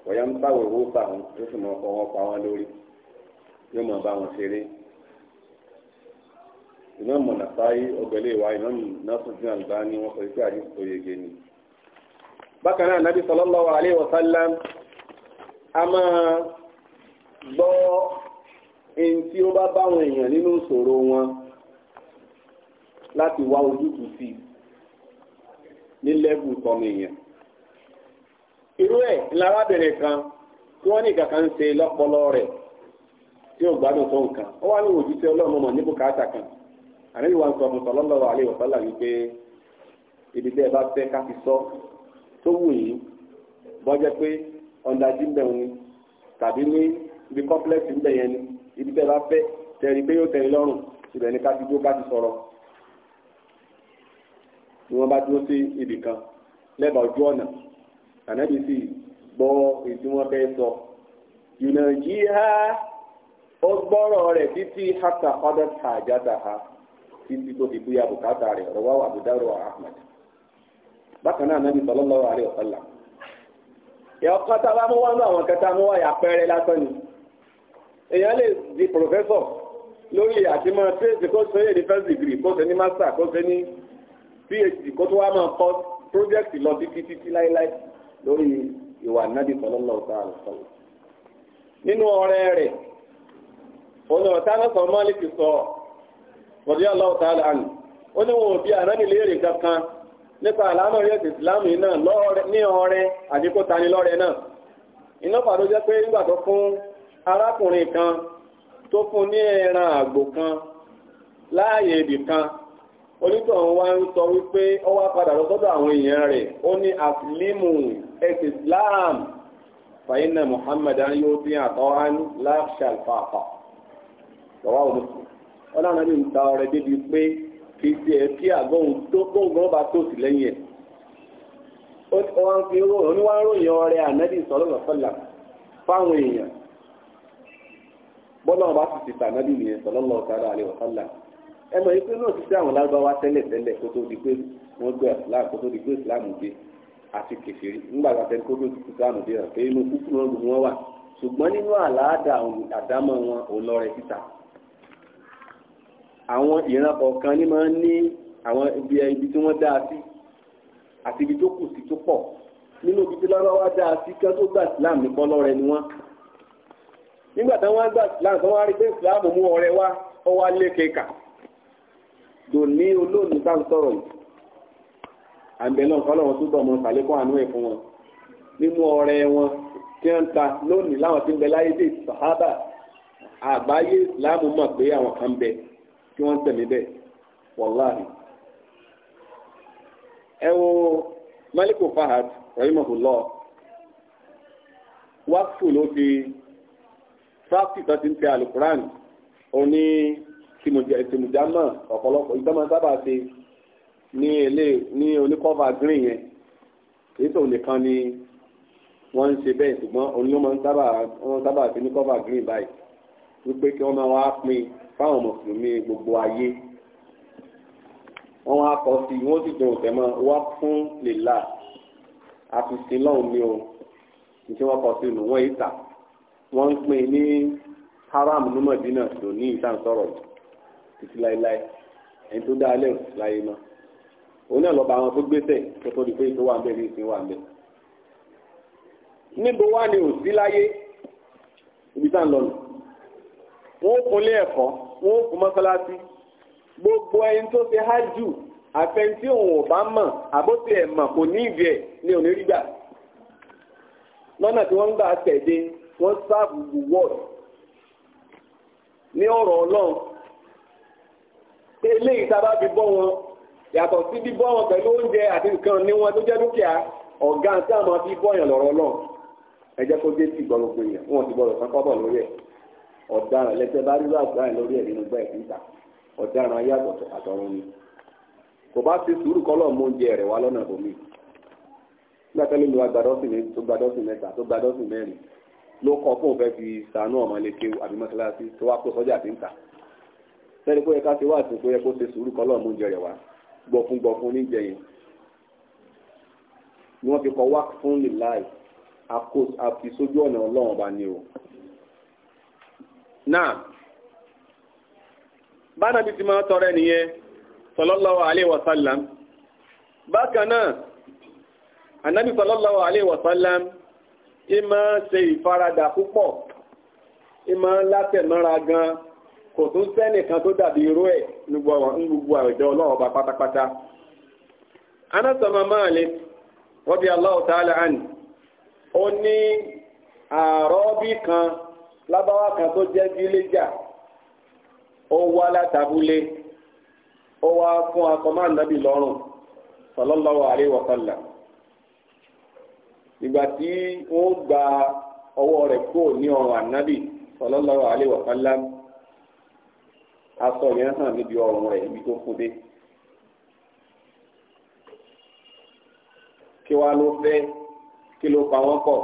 Speaker 1: wọ̀yá ń sáwọ̀ owó sàrùn yóò sì máa fọwọ́ pa wọn lórí yóò máa bá wọn ṣeré ìmọ̀ mọ̀nàfáì ọgbẹ̀lẹ̀ ìwà ìmọ̀ násùnjẹ́ àlùbá ni wọ́n sọ pé àdìsí tó yege ni bákan náà nàbí sallallahu alayhi wa sallam a máa gbọ́ ẹni tí ó bá báwọn èèyàn nínú ìṣòro wọn láti wá ojútùú sí i ní lẹ́bù tọmọ èèyàn irú ẹ̀ ńlá arábìnrin kan tí wọ́n ní ìkàkà ń ṣe lọ́pọlọ rẹ̀ tí ó gbádùn tó nǹkan ó wá ní òjíṣẹ́ ọlọ́run ọmọ ní bùkátà kan àníbi ń sọ ọmọ sallallahu alayhi wípé ibi tẹ́ ẹ bá fẹ́ ká fi sọ tó wù yín bọ́jẹ́ pé ọ̀ndàjì ń bẹ̀ wọn ni tàbí ní ibi kọ́pílẹ́sì ń bẹ̀ yẹn ni ibi tẹ́ bá fẹ́ tẹ̀rí pé yóò tẹ̀rí lọ́rùn ibẹ̀ ni ká ti dúró ká ti sọ̀rọ̀ ni wọ́n bá dúró sí ibì kan lẹ́bàá ojú ọ̀nà ànábì sì gbọ́ èyí wọ́n fẹ́ sọ yùnàjí ha ó gbọ́rọ̀ rẹ̀ títí hata ọ̀dọ̀ tàjátà ha títí tó fi búyà bùkátà rẹ̀ rọwọ́ àbúdárò Ahmad bákan náà nàbí sallallahu alaihi wasallam ẹ̀ọ̀kan tá a bá mú wá ní àwọn kẹta mú wá yàpẹrẹ lásán ni èèyàn lè di pòfẹ́sọ̀ lórí àtìmọ́ tírèsì kó ṣe é ní first degree kó ṣe ní master kó ṣe ní phd kó tó wá máa kọ́ project lọ títí títí láéláé lórí ìwà nàbí sallallahu alaihi wasallam nínú ọ̀rẹ́ rẹ̀ ọ̀nà nípa àlámọ̀rí ẹ̀sìn ìsìlámù yìí náà ní ọrẹ àti kó tani lọ́rẹ náà iná pàtó jẹ́ pé nígbà tó fún arákùnrin kan tó fún ní ẹran àgbò kan láàyè ibì kan onítọ̀hún wá ń sọ wípé ó wá padà lọ sọ́dọ̀ àwọn èèyàn rẹ̀ ó ní àfìlímù ẹ̀sìn islam fàyínà muhammad yóò dín àtọ́ láṣà fàfà lọ́wọ́ òmùsùn ọlọ́run ní ìta ọrẹ débi pé kì e, ṣe ẹ̀kí àgọ́hùn tó gbóǹgbọ́n bá tó sí lẹ́yìn ẹ̀ wọ́n fi oníwà ròyìn ọrẹ ànẹ́bí sọ́lọ́nà sọ́là fáwọn èèyàn bọ́lọ́wọ́n bá sì ti tà nìyẹn sọ́lọ́nà ọ̀tàrà àlẹ́ ẹ mọ̀ yìí pé náà ti àwọn tẹ́lẹ̀ tẹ́lẹ̀ kó tó di pé wọ́n gbé islam kó tó di pé islam àti kẹfìrí tẹ́lẹ̀ kó tó di pé islam hàn pé àwọn ìran kọ̀ọ̀kan ní máa ń ní àwọn ibi tí wọ́n dáa sí àti ibi tó kù sí tó pọ̀ nínú ibi tí lọ́wọ́ dáa sí kí wọ́n tó gba Islam ní kọ́ lọ́rẹ́ ni wọ́n nígbà tí wọ́n gba Islam tí wọ́n rí pé Islam mú ọ̀rẹ́ wá ọ wá lé kẹkà dòní olóòní bá ń sọ̀rọ̀ yìí àbẹ̀lẹ̀ nǹkan lọ́wọ́ tó bọ̀ mọ́ sàlékún àánú ẹ̀ fún wọn nínú ọ̀rẹ́ wọn tí wọ́n ta lónìí láwọn tí ń bẹ láyé dé sàhábà àgbáyé Islam mọ̀ pé àwọn kan bẹ́ẹ̀ kí wọ́n tẹ̀lé bẹ́ẹ̀ wàláhì. ẹ wo Maliku Fahad rahimahullah wákìtù ló fi fáàkì tó ti ń tẹ alukuran oní tìmùjámà ọ̀pọ̀lọpọ̀ ìjọba sábà ṣe ní ilé ní oníkọ́fà green yẹn kì í tó nìkan ni wọ́n ń ṣe bẹ́ẹ̀ ṣùgbọ́n oní sábà ṣe ní kọ́fà green báyìí. wípé kí wọ́n máa wá pín fáwọn mùsùlùmí gbogbo ayé wọ́n wá kọ́ sí i wọ́n sì dùn òtẹ́ wá fún lèlà àfìsí lọ́hùn ní o níṣẹ́ wọ́n kọ́ sí inú wọ́n yìí tà wọ́n ń pín ní haram numadina lóní ìtànsọ̀rọ̀ títí láéláé ẹni tó dá alẹ́ òsì láyé mọ́ òun náà lọ́ba àwọn tó gbéṣẹ̀ tó tó di pé tó wà ń bẹ̀ ní ìsìn wà ń bẹ̀ níbo wá ni òsì láyé ibi tá à ń lọ nù. wọn ó ẹ̀kọ́ wọn mọ́sálásí gbogbo ẹni tó ṣe hájù àfẹnusí òun ò bá mọ̀ àbótí ẹ̀ mọ̀ kò ní ìdí ẹ̀ ní onírígbà lọ́nà tí wọ́n ń gbà tẹ̀dé wọ́n sáàbù wọ́ọ̀dù ní ọ̀rọ̀ ọlọ́run wọn yàtọ̀ sí bíbọ́ wọn pẹ̀lú oúnjẹ àti nǹkan ní wọn tó jẹ́ dúkìá ọ̀gá àwọn fi lọ́rọ̀ ọlọ́run kó dé gbogbo yẹn wọn ọ̀daràn lẹ́sẹ̀ bá rí wàhálà yẹn lórí ẹ̀rí nígbà ẹ̀sìn ìta ọ̀daràn ayé àtọ̀run ni kò bá ti sùúrù kọ́lọ̀ mú oúnjẹ rẹ̀ wá lọ́nà bòmí nígbàtẹ́lẹ̀ mi wá gbadọ́sìn tó gbadọ́sìn mẹ́ta tó gbadọ́sìn mẹ́rin ló kọ́ fún òfẹ́ fi sànú ọmọ lékè àbí mọ́sálásí tó wá kó sọ́jà tí ń tà sẹ́ni kó yẹ ká ti wá àtúnkó yẹ kó ṣe sùúrù kọ́lọ̀ mú oúnjẹ rẹ̀ wá gbọ̀fun gbọ̀fun níjẹ yẹn ni wọ́n fi kọ́ wá fún lè láì àfi sójú ọ̀nà ọlọ́run ọba ni o náà bi ti máa tọrẹ nìyẹn sallallahu alaihi wasallam bákan anabi anábì sallallahu alaihi wasallam ìmọ̀ ṣe ìfaradà púpọ̀ ìmọ̀ mara gan kò iru e tó dàbí irú ẹ̀ ní gbogbo àwùjọ ọlọ́wọ́ bá pátápátá anásọ̀mọ́ Malik Allah ta'ala anhu O ni àrọ́bí kan lábáwá kan tó jẹ́ bíléjà ó wá látàbúlé ó wá fún akọ́mọ́ ànábì lọ́rùn sallallahu alaihi wa sallam ìgbà tí wọ́n gba ọwọ́ rẹ̀ kó ní ọrùn ànábì sallallahu alaihi wa sallam aṣọ yẹn hàn níbi ọrùn rẹ̀ ibi tó fún dé. kí wàá ló fẹ́ kí ló pa wọ́n pọ̀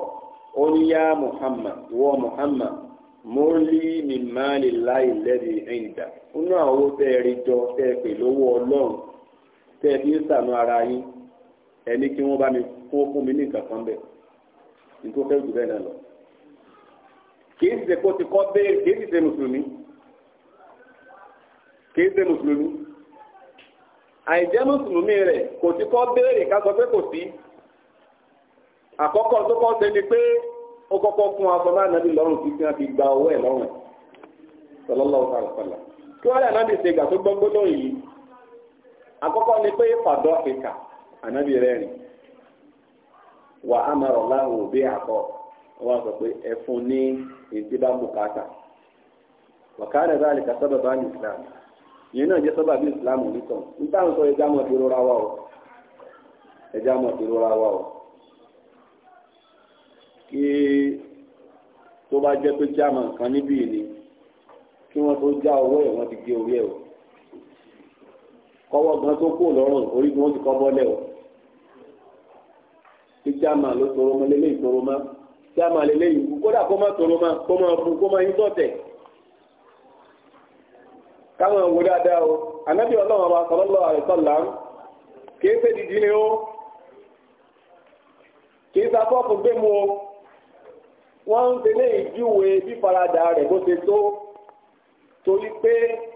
Speaker 1: ó ní yá Muhammad ìwọ Muhammad mọ́lí ní máàlì láì lẹ́bi ẹ̀ǹdà nínú àwọn owó tẹ́ ẹ rí jọ tẹ́ ẹ pè lówó ọlọ́run tẹ́ ẹ fi ń sànú ara yín ẹ ní kí wọ́n bá mi kó fún mi ní nǹkan kan bẹ́ẹ̀ nítorí fẹ́ jù bẹ́ẹ̀ náà lọ. kì í ṣe kó ti kọ́ béèrè kì í ṣe mùsùlùmí kì í ṣe mùsùlùmí àìjẹ́ mùsùlùmí rẹ̀ kò ti kọ́ béèrè ká pé kò sí àkọ́kọ́ tó kọ́ ṣe ni pé. ó kọ́kọ́ fún aṣọ náà lọ́rùn fi gba owó ẹ̀ lọ́rùn sọlọ́lọ́ sàlùsàlà kí wọ́n lè ànábì ṣe ìgbà tó gbọ́gbó yìí àkọ́kọ́ ni pé fàdọ́ ìkà ànábì rẹ̀ rìn wà á máa rọ̀ láwọn òbí àkọ́ wọ́n sọ pé ẹ fún ní islam yìí náà jẹ́ sábà islam nìkan sọ ẹja mọ̀ kí tó bá jẹ́ pé jáàmù kan níbí kí wọ́n tó já owó ẹ̀ wọ́n ti gé orí ẹ̀wọ̀ o kọ́wọ́ gan tó kó lọ́rùn orí wọ́n ti kọ́ bọ́lẹ̀ o tí jáàmù ló toro mọ́ lélẹ́yìn toro mọ́ kódà kó má toro bu kó má yín tọ̀tẹ̀ káwọn wò dáadáa o ànábì ọlọ́run ọba kì í ṣe dídí ni ó kì wọ́n ń tẹ̀lé ìjúwe fífaradà rẹ̀ bó ṣe tó torí pé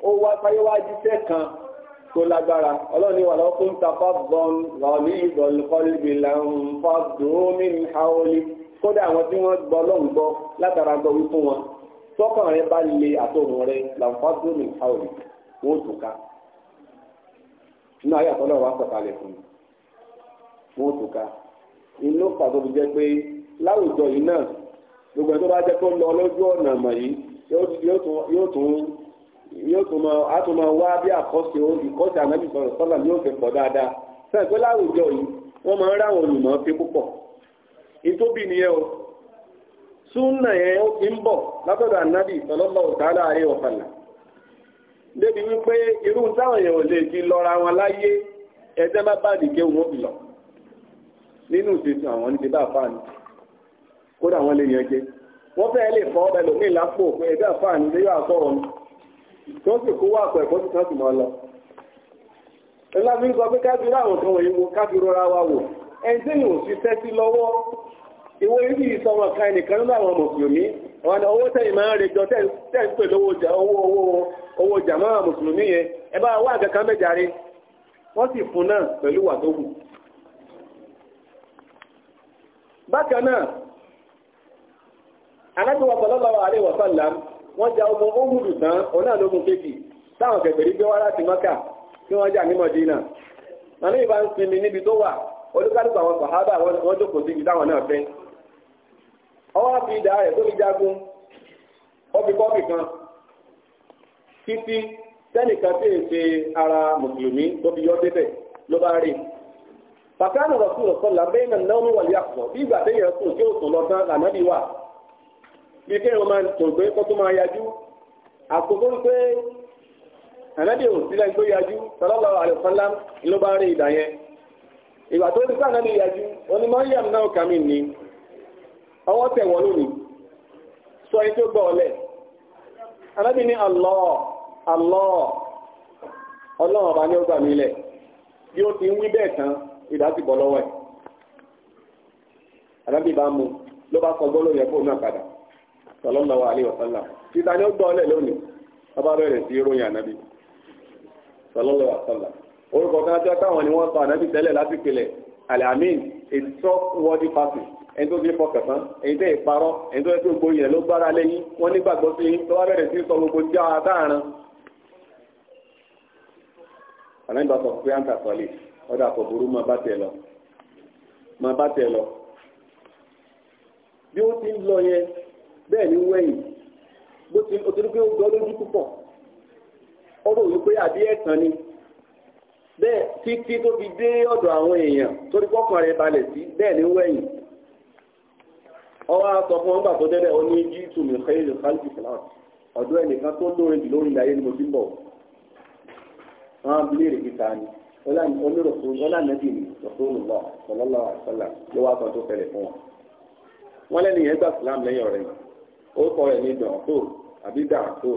Speaker 1: ó wá sáyéwájú tẹ̀ kan tó lágbára ọlọ́ni wà lọ́wọ́ fún tafa bọ́n rọ̀lí ìbọ̀lùkọ́lùbì làwọn fàdúrómì haoli kódà àwọn tí wọ́n gbọ́ lọ́hùn gbọ́ látara gbọ́ wí fún wọn tọ́kàn rẹ bá le àtòhùn rẹ làwọn fàdúrómì haoli wọ́n tún ká inú ayé àtọ́lọ́ wa sọ̀kalẹ̀ fún wọn tún ká inú pàtó jẹ́ pé láwùjọ yìí náà gbogbo ẹni tó bá jẹ́ kó lọ lójú ọ̀nà mọ̀ yìí yóò tún yóò tún mọ a tún mọ wá bí àkọ́sí ìkọ́sí ànábì sọ̀rọ̀ sọ́là yóò fi pọ̀ dáadáa sẹ́yìn pé láwùjọ yìí wọ́n máa ń ráwọn olùmọ̀ fi púpọ̀ ìtóbi nìyẹn o súnà yẹn ó fi ń bọ̀ látọ̀dọ̀ ànábì sọlọ́lọ́ òtálá àárẹ̀ ọ̀fàlà débi wípé irú táwọn èèyàn ò lè fi lọ́ra wọn láyé ẹ̀ẹ́dẹ́ má bá nìkẹ́ òun ó fi lọ nínú ìṣètò àwọn ní ti bá fáàní kódà wọn lè yẹn wọ́n fẹ́ fọ fọ́ ẹlòmíì lápò pé ẹgbẹ́ àfáàní lè yọ àtọ́wọ́ tó sì kó wà sí máa lọ. mi ń sọ pé káfí kan rọra wa wò lọ́wọ́ ìwé ẹnìkan nínú àwọn mùsùlùmí ni owó tẹ̀yìn máa ń rejọ tẹ̀ ń pè náà pẹ̀lú wà tó bákan anábì wọn sallallahu alaihi wa sallam wọ́n ja ọmọ ohudu tán òun lógun kéèkì táwọn kèfèrí gbé wá láti mọ́kà tí wọ́n jà ní Mọdínà wọn ní ìbá ń sinmi níbi tó wà olúkálùkù àwọn sàhábà wọn táwọn náà fẹ́ ọwọ́ fi ìdá rẹ̀ tó fi jagun ó kọ́ọ̀kì kan ara mùsùlùmí tó fi yọ débẹ̀ ló bá bí kéèyàn máa tò pé kó tó máa yajú àkókò ń pé ànábì ò sílẹ̀ tó yajú sallallahu alaihi wasallam ló bá rí ìdá yẹn ìgbà tó ti oní sọ ẹni tó gbọ́ ọlẹ̀ ànábì ní ọlọ́run ọba ní bí ó ti ń wí bẹ́ẹ̀ tán ìdá ti bọ́ lọ́wọ́ ẹ̀ ànábì bá sallallahu alaihi wa sallam títa ni ó gbọ́ ọlẹ́ lónìí wọ́n bá bẹ̀rẹ̀ sí ròyìn ànábì sallallahu alaihi wa sallam orúkọ kan tí wọ́n táwọn ni wọ́n sọ ànábì tẹ́lẹ̀ láti pèlẹ̀ alamin a trustworthy person ẹni tó ti fọkàn tán ẹni tẹ́ ìparọ́ ẹni tó yẹ kí gbogbo yẹn ló gbára lẹ́yìn wọ́n nígbàgbọ́ sí yín tó bá bẹ̀rẹ̀ sí sọ gbogbo tí a dáàrán ànábì bá sọ pé àǹtà sọlẹ̀ ọ̀dà kò burú bí ó ti ń lọ yẹn bẹ́ẹ̀ ni wẹ̀yìn bó ti o ti rí pé ọ lójú púpọ̀ ó rò àbí ẹ̀tàn ni bẹ́ẹ̀ títí tó fi dé àwọn èèyàn torí rẹ̀ balẹ̀ sí bẹ́ẹ̀ ni wẹ̀yìn ọwọ́ sọ fún ọgbà tó dẹ́dẹ́ ó ní jí tùmí xeyìlì kálífì fúláwọ̀ ẹnìkan tó lóore jù lórí ìdáyé ni mo ti ń bọ̀ wọn ó kọ rẹ̀ ní dọ̀tò àbí dàtò.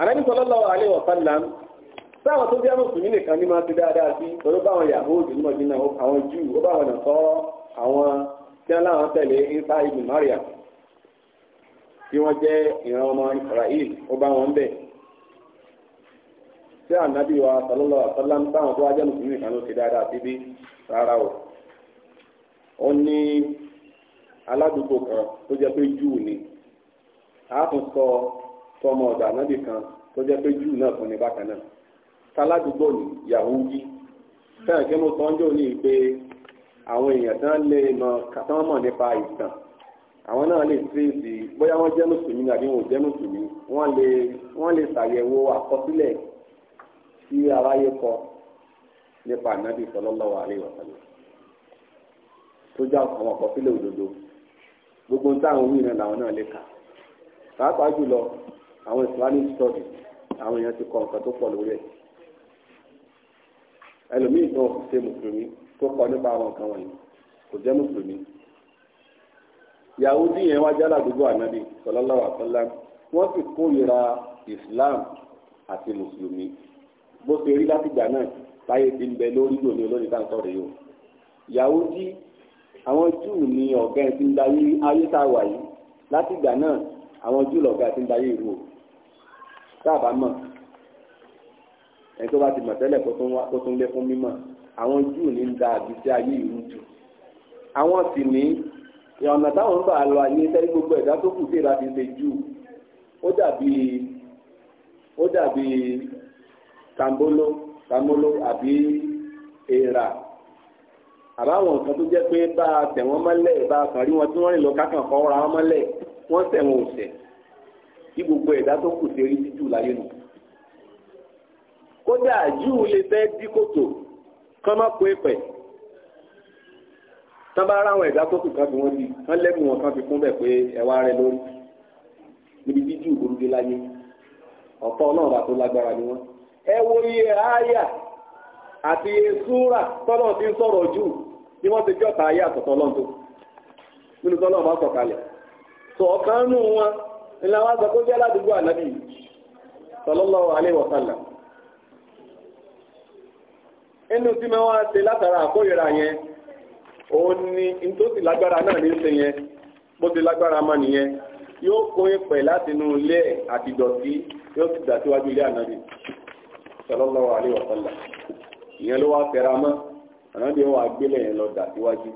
Speaker 1: àrẹ́bí sallallahu alaihi wa sallam sáwọn tó jẹ́ mùsùlùmí nìkan ní máa ti dáadáa sí pẹ̀lú báwọn Yahudi ní Mọ̀dínà àwọn Júù ó báwọn nà sọ àwọn tí wọ́n láwọn tẹ̀lé tí wọn ìran ọmọ Israel ó wọn ànábì wa sáwọn tó ló ti o. aládùúgbò kan tó jẹ́ pé júù ni a tún sọ tọmọ ọ̀dọ̀ ànábì kan tó jẹ́ pé júù náà fún ni bákan náà taládùúgbò ni Yahudi fẹ́ràn kí mo sọ ń jò ní pé àwọn èèyàn tán lè mọ kàtán mọ̀ nípa ìtàn àwọn náà lè tírèsì bóyá wọ́n jẹ́ mùsùlùmí àbí wọn ò jẹ́ mùsùlùmí wọ́n lè wọ́n lè ṣàyẹ̀wò àkọsílẹ̀ tí aráyé kọ nípa ànábì sallallahu alaihi wasallam tó já àwọn àkọsílẹ̀ òdodo gbogbo táwọn wí náà làwọn náà lè kà pàápàá jùlọ àwọn islamic studies àwọn èèyàn ti kọ nǹkan tó pọ̀ lórí ẹ̀ ẹlòmíì tó ṣe mùsùlùmí tó kọ nípa àwọn nǹkan wọ̀nyí kò jẹ́ mùsùlùmí yahudi yẹn wá jálá gbogbo ànábì sọlọ́láwà sọlá wọ́n sì kórìíra islam àti mùsùlùmí bó ṣe rí látìgbà náà táyé ti ń bẹ lórí lónìí olóyìn tá à ń sọ̀rọ̀ yìí o yahudi àwọn júù ni ọ̀gá ẹ̀ ti ń darí ayé tá a wà yìí láti ìgbà náà àwọn júù lọ̀gá ẹ̀ ti ń darí ìlú o sáàbà mọ̀ ẹni tó bá ti mọ̀ tẹ́lẹ̀ kó tún lé fún mímọ̀ àwọn júù ní ń da àbísí ayé ìlú jù àwọn sì ní ìrànà táwọn ń bà lọ ayé sẹ́yìn gbogbo ẹ̀dá tó kù sí ìlà ṣe júù ó dàbí ó dàbí tambolo tambolo àbí èèrà àbáwọn nǹkan tó jẹ́ pé bá a tẹ̀ wọ́n mọ́lẹ̀ bá a kàn rí wọn tí wọ́n rìn lọ kákan kọ́ ra wọn mọ́lẹ̀ wọ́n tẹ̀ wọn ò sẹ̀ kí gbogbo ẹ̀dá tó kù sí orí títù láyé nù. kódà júù lè fẹ́ dí kòtò kán má kó èpẹ̀ tán bá ráwọn ẹ̀dá tó kù kan fi wọ́n di kán lẹ́mú wọn kan fi kún bẹ̀ pé ẹ̀wà rẹ lórí níbi jíjù burúkú láyé ọ̀pọ̀ náà bá tó lágbára ni wọ́n ẹ wo iye àáyà àti súrà tọ́lọ̀ ti ń sọrọ jù ni wọ́n ti jọta ayé àtọ̀tọ̀ lọ́n nínú tọ́lọ̀ bá sọ̀kalẹ̀ sọ̀kan nù wọn ńlá wá sọ jẹ́ ládùúgbò ànábì sallallahu alaihi inú tí wá ṣe látara yẹn òun ni lágbára náà ní ṣe yẹn bó ti lágbára mọ́ nìyẹn yóò kó láti inú ilé ìyẹn ló wá fẹ́ra mọ́ àwọn bí wọ́n agbélé yẹn lọ dà síwájú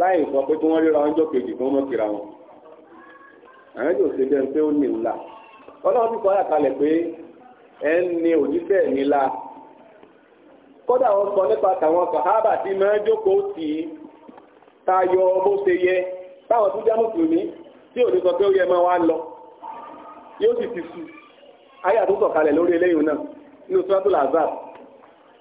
Speaker 1: láì sọ pé kí wọ́n ríra ọjọ́ kejì kí wọ́n mọ̀ kíra wọn àwọn yóò ṣe bẹ́ẹ̀ pé ó ní ńlá ọlọ́run ti kọ́ àkàlẹ̀ pé ẹ ń ní òjíṣẹ́ mi la kódà wọn sọ nípa tàwọn sàhábà tí máa ń jókòó tì í tayọ bó ṣe yẹ táwọn tó já mùsùlùmí tí ò ní sọ pé ó yẹ máa wá lọ yóò sì ti sùn ayé àtúntọ̀ kalẹ̀ lórí eléyìí náà nínú sọ́tò làzáàbù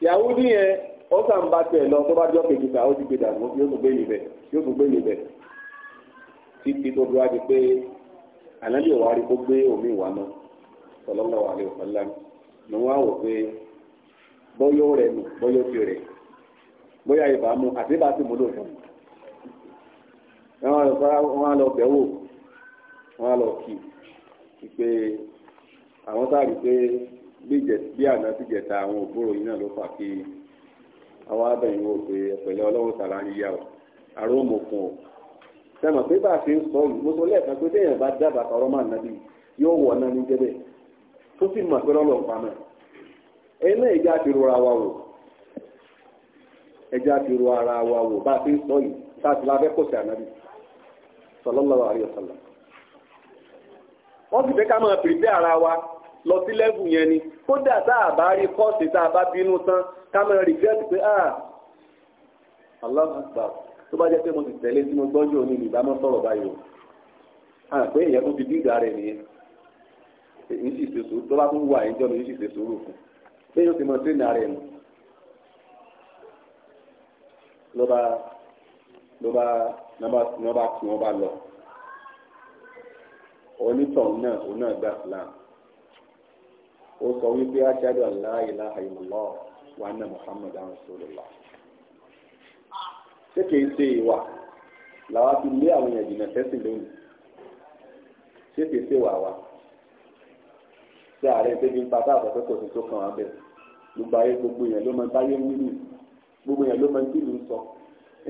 Speaker 1: ìyàwó ní yẹn ó sàn bá tẹ̀ lọ tó bá jọ́ kejì ta ó ti gbé dàgbọ́ yóò tún gbé mi bẹ̀ yóò tún gbé mi bẹ̀ títí tó dúró di pé ànábì ò wá rí kó gbé omi ìwà náà sallallahu alaihi wasallam ni wọ́n á wò pé bọ́yọ̀ rẹ̀ nù bọ́yọ̀ fi rẹ̀ bóyá ìbámu àti bá ti múlò fún un wọ́n á lọ bẹ̀ wò wọ́n á lọ kì í pé àwọn sáà rí pé. bí àná ti jẹta àwọn òbúrò yìí náà ló fà kí àwọn abẹ́yìn wò pé tààrà ń yá o àrò òmùkùn o sẹ́mọ̀ pé bá a ń sọ yìí mo sọ lẹ́ẹ̀kan pé bá dábàá tọrọ máa nàbí yóò wọ̀ náà ní jẹ́bẹ̀ tó sì mọ̀ pé lọ́lọ́ náà ti wa wò ti ro ara wa wò bá a ti ń lọ sí lẹ́bù yẹn ni kódà tá a bá rí kọ́ọ̀sì tá a bá bínú tán ká máa regret pé ah Allahu Akbar tó bá jẹ́ pé mo ti tẹ̀lé tí mo gbọ́jú òní ìbámu sọ̀rọ̀ báyìí o hàn pé ìyẹn tó ti bí ìgbà rẹ̀ nìyẹn èyí sì ṣe sùúrù tó bá tún wà ẹ̀jọ́ mi èyí sì ṣe sùúrù fún pé yóò ti mọ sí ìnà rẹ̀ nù ló bá ló bá ló bá tún wọn bá lọ onítọ̀ náà òun náà gbà fúlàmù ó sọ wípé ashhadu an la ilaha illallah wa anna muhammadan rasulullah ṣé kìí ṣe ìwà làwa fi lé àwọn èèyàn jìnnà sẹ́sìn lónìí ṣé kìí ṣe wà wá ṣé ààrẹ ìṣèjì ń pa káàbọ̀ pé kò sí tó kàn wá bẹ̀rẹ̀ gbogbo ayé gbogbo èèyàn ló máa ń báyé nínú gbogbo èèyàn ló máa ń tìlú sọ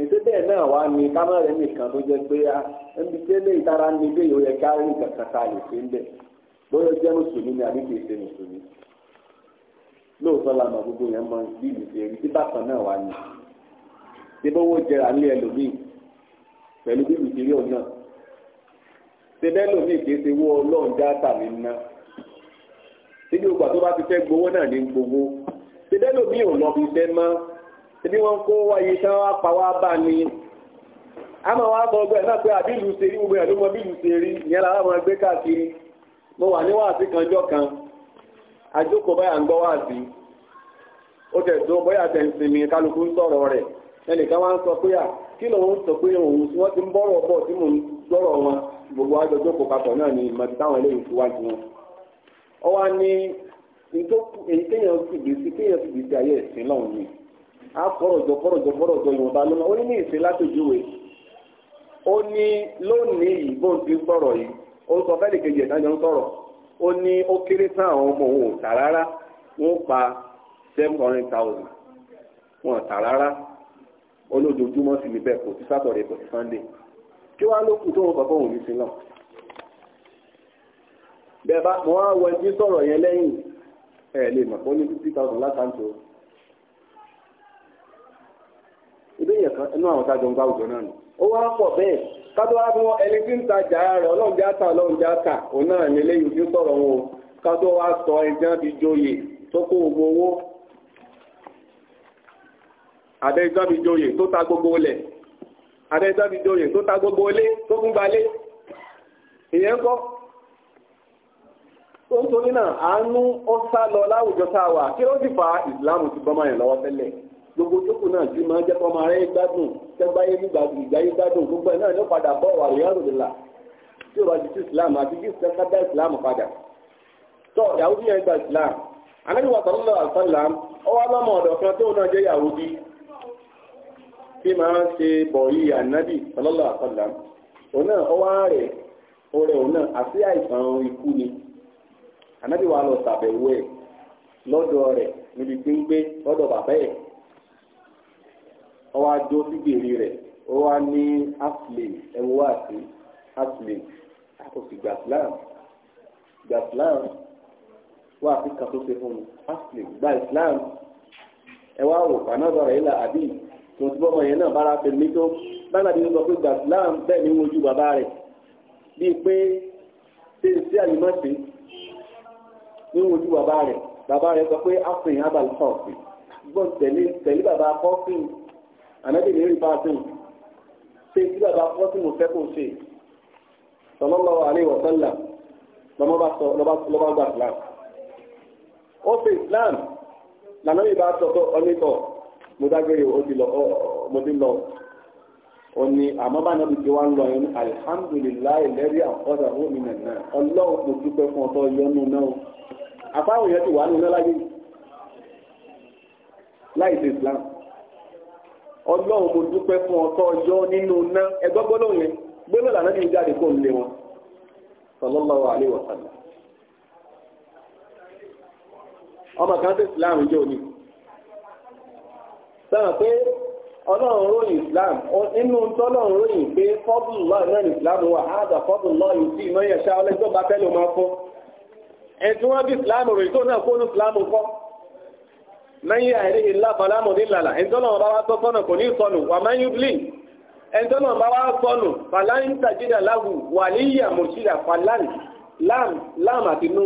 Speaker 1: èsì bẹ́ẹ̀ náà wá ní kámẹ́rẹ́ nìkan tó jẹ́ pé ah, ẹnbi tí ẹlẹ́yìn ní ilé yóò yẹ ká rí nǹkan kan lè ṣe ń bẹ̀ bóyá jẹ́ mùsùlùmí ni àbí kìí ṣe mùsùlùmí lóòótọ́ la mọ̀ gbogbo yẹn mọ bí ìrìnsè rí tí bákan náà wà ní ṣé bówó jẹrà ní ẹlòmíì pẹ̀lú bí ìrìnsè rí òun náà ṣé bẹ́ẹ̀ lòmíì kìí ṣe wó ọlọ́run já tàmí ná ṣé bí ògbà tó bá ti fẹ́ gbowó náà ní gbogbo ṣé bẹ́ẹ̀ lòmíì ò lọ fi fẹ́ mọ́ ṣé bí wọ́n kó wáyé tí wọ́n pa wá bá ní àmọ́ wá gbọ́ ọgbẹ́ náà pé àbí ìlú ṣe rí mo wà ní kan jọ kan àjókòó báyà ń gbọ́ wáàsí ó tẹ̀ tó bóyá tẹ̀ ń sinmi kálukú ń sọ̀rọ̀ rẹ̀ sọ pé à kí lòun sọ pé òun tí wọ́n ti ń bọ́rọ̀ bọ̀ tí mò ń gbọ́rọ̀ wọn gbogbo àjọjọ́ papọ̀ náà ni táwọn eléyìí wájú wọn. wá ní a ìwọ̀nba ló ó ní ó ní lónìí yìí bóun ó sọ fẹ́lì kejì ìdájọ́ ń sọ̀rọ̀ ó ní ó kéré tán àwọn ọmọ òun ò rárá wọ́n pa seven hundred thousand wọn tà rárá olójoojúmọ́ sì níbẹ̀ kò sí sátọ̀dẹ̀ kò sí sunday kí wàá ló kù tó wọn bàbá òun ní sí bẹ́ẹ̀ bá wọn á wọ ẹjí sọ̀rọ̀ yẹn lẹ́yìn ẹ lè mọ̀ ó ní fifty thousand látàntó ìbéèyàn kan ẹnu àwọn tájọ ń bá òjò náà nù ó wá pọ̀ bẹ́ẹ̀ kátó wá fún ẹni tí ń tajà rẹ̀ ọlọrun já ta ọlọrun já ta òun náà ní tí ń wọn o kátó wá sọ ẹni tí wọ́n fi tó kó gbogbo owó àbẹ́ fi tó gbogbo gbogbo tó kún balẹ̀ ìyẹn kọ́ ń torí lọ láwùjọ tá wà kí fa ìsìláàmù ti bọ́mọ yẹn gbogbo jókòó náà ti máa jẹ́ kó máa rẹ́ gbádùn tẹ́gbáyé nígbàgbọ́ ìgbáyé gbádùn gbogbo ẹ̀ náà ló padà bọ̀ wà lóyún àròlélà tí ó bá ti tú islam àti bí ìsẹ́ká dá islam padà tó yahudi yẹn gba islam anabi wa sallallahu alaihi wasallam ó wá lọ́mọ ọ̀dọ̀ kan tó náà jẹ́ yahudi tí máa ń ṣe bọ̀yì anabi sallallahu alaihi wasallam òun náà ó wá rẹ̀ orí òun náà àti àìsàn ikú ni anabi wa ọwọ́ adó sígbèrè rẹ̀ ó wá ní aslim ẹ̀wọ́ àti aslim àkọsí Islam, gbàsílám wà á fi kà tó ṣe fún mi aslim gba islam ẹ̀wọ́ àwò kanáàbà rẹ̀ là àbí tó ti bọ́mọ yẹn náà bára fẹ̀ mí tó bára bí wọ́n sọ pé gbàsílám bẹ́ẹ̀ ni wọ́n ju bàbá rẹ̀ bíi pé ṣé ṣé àyè má ṣe ní wọ́n ju bàbá rẹ̀ bàbá rẹ̀ sọ pé aslim abàlùkọ̀ọ̀sì gbọ́n tẹ̀lé tẹ̀lé bàbá kọ́fíìn ànábì ní rí báàtìn ṣe tí bàbá wọn tí mo fẹ́ kó ṣe sallallahu alaihi wa sallam lọ́ba gba islam ó ṣe islam lànà ìbá sọ tó ọ́nìtọ̀ mo dágbére ó ti lọ mo ti lọ o ní àmọ́ bá náà ti wá ń lọ yẹn ní alihamudulilayi lẹ́rí àkọ́dà ó mi nàná ọlọ́run mo dúpẹ́ fún ọtọ́ yọnu náà àfáwọn yẹn ti wà nínú láyé láì ṣe islam. ọlọ́run mo dúpẹ́ fún ọtọ́ yọ nínú ná ẹgbẹ́ gbọ́dọ̀ yẹn gbọ́dọ̀ lànà ní kó wọn ọmọ kan islam jẹ́ òní pé ọlọ́run ròyìn islam tọ́lọ́run ròyìn pé wà yìí sí yẹn bá máa fọ́ bí islam ròyìn tó náà kó ní man yahdihillahu fala mudilla lahu ẹni tọ́lọ́run bá wá tọ́ sọ́nà kò ní sọnù wa man yudlil ẹni tọ́lọ́run bá wá sọnù falan tajida lahu waliyyan murshida falan lam lam àti nù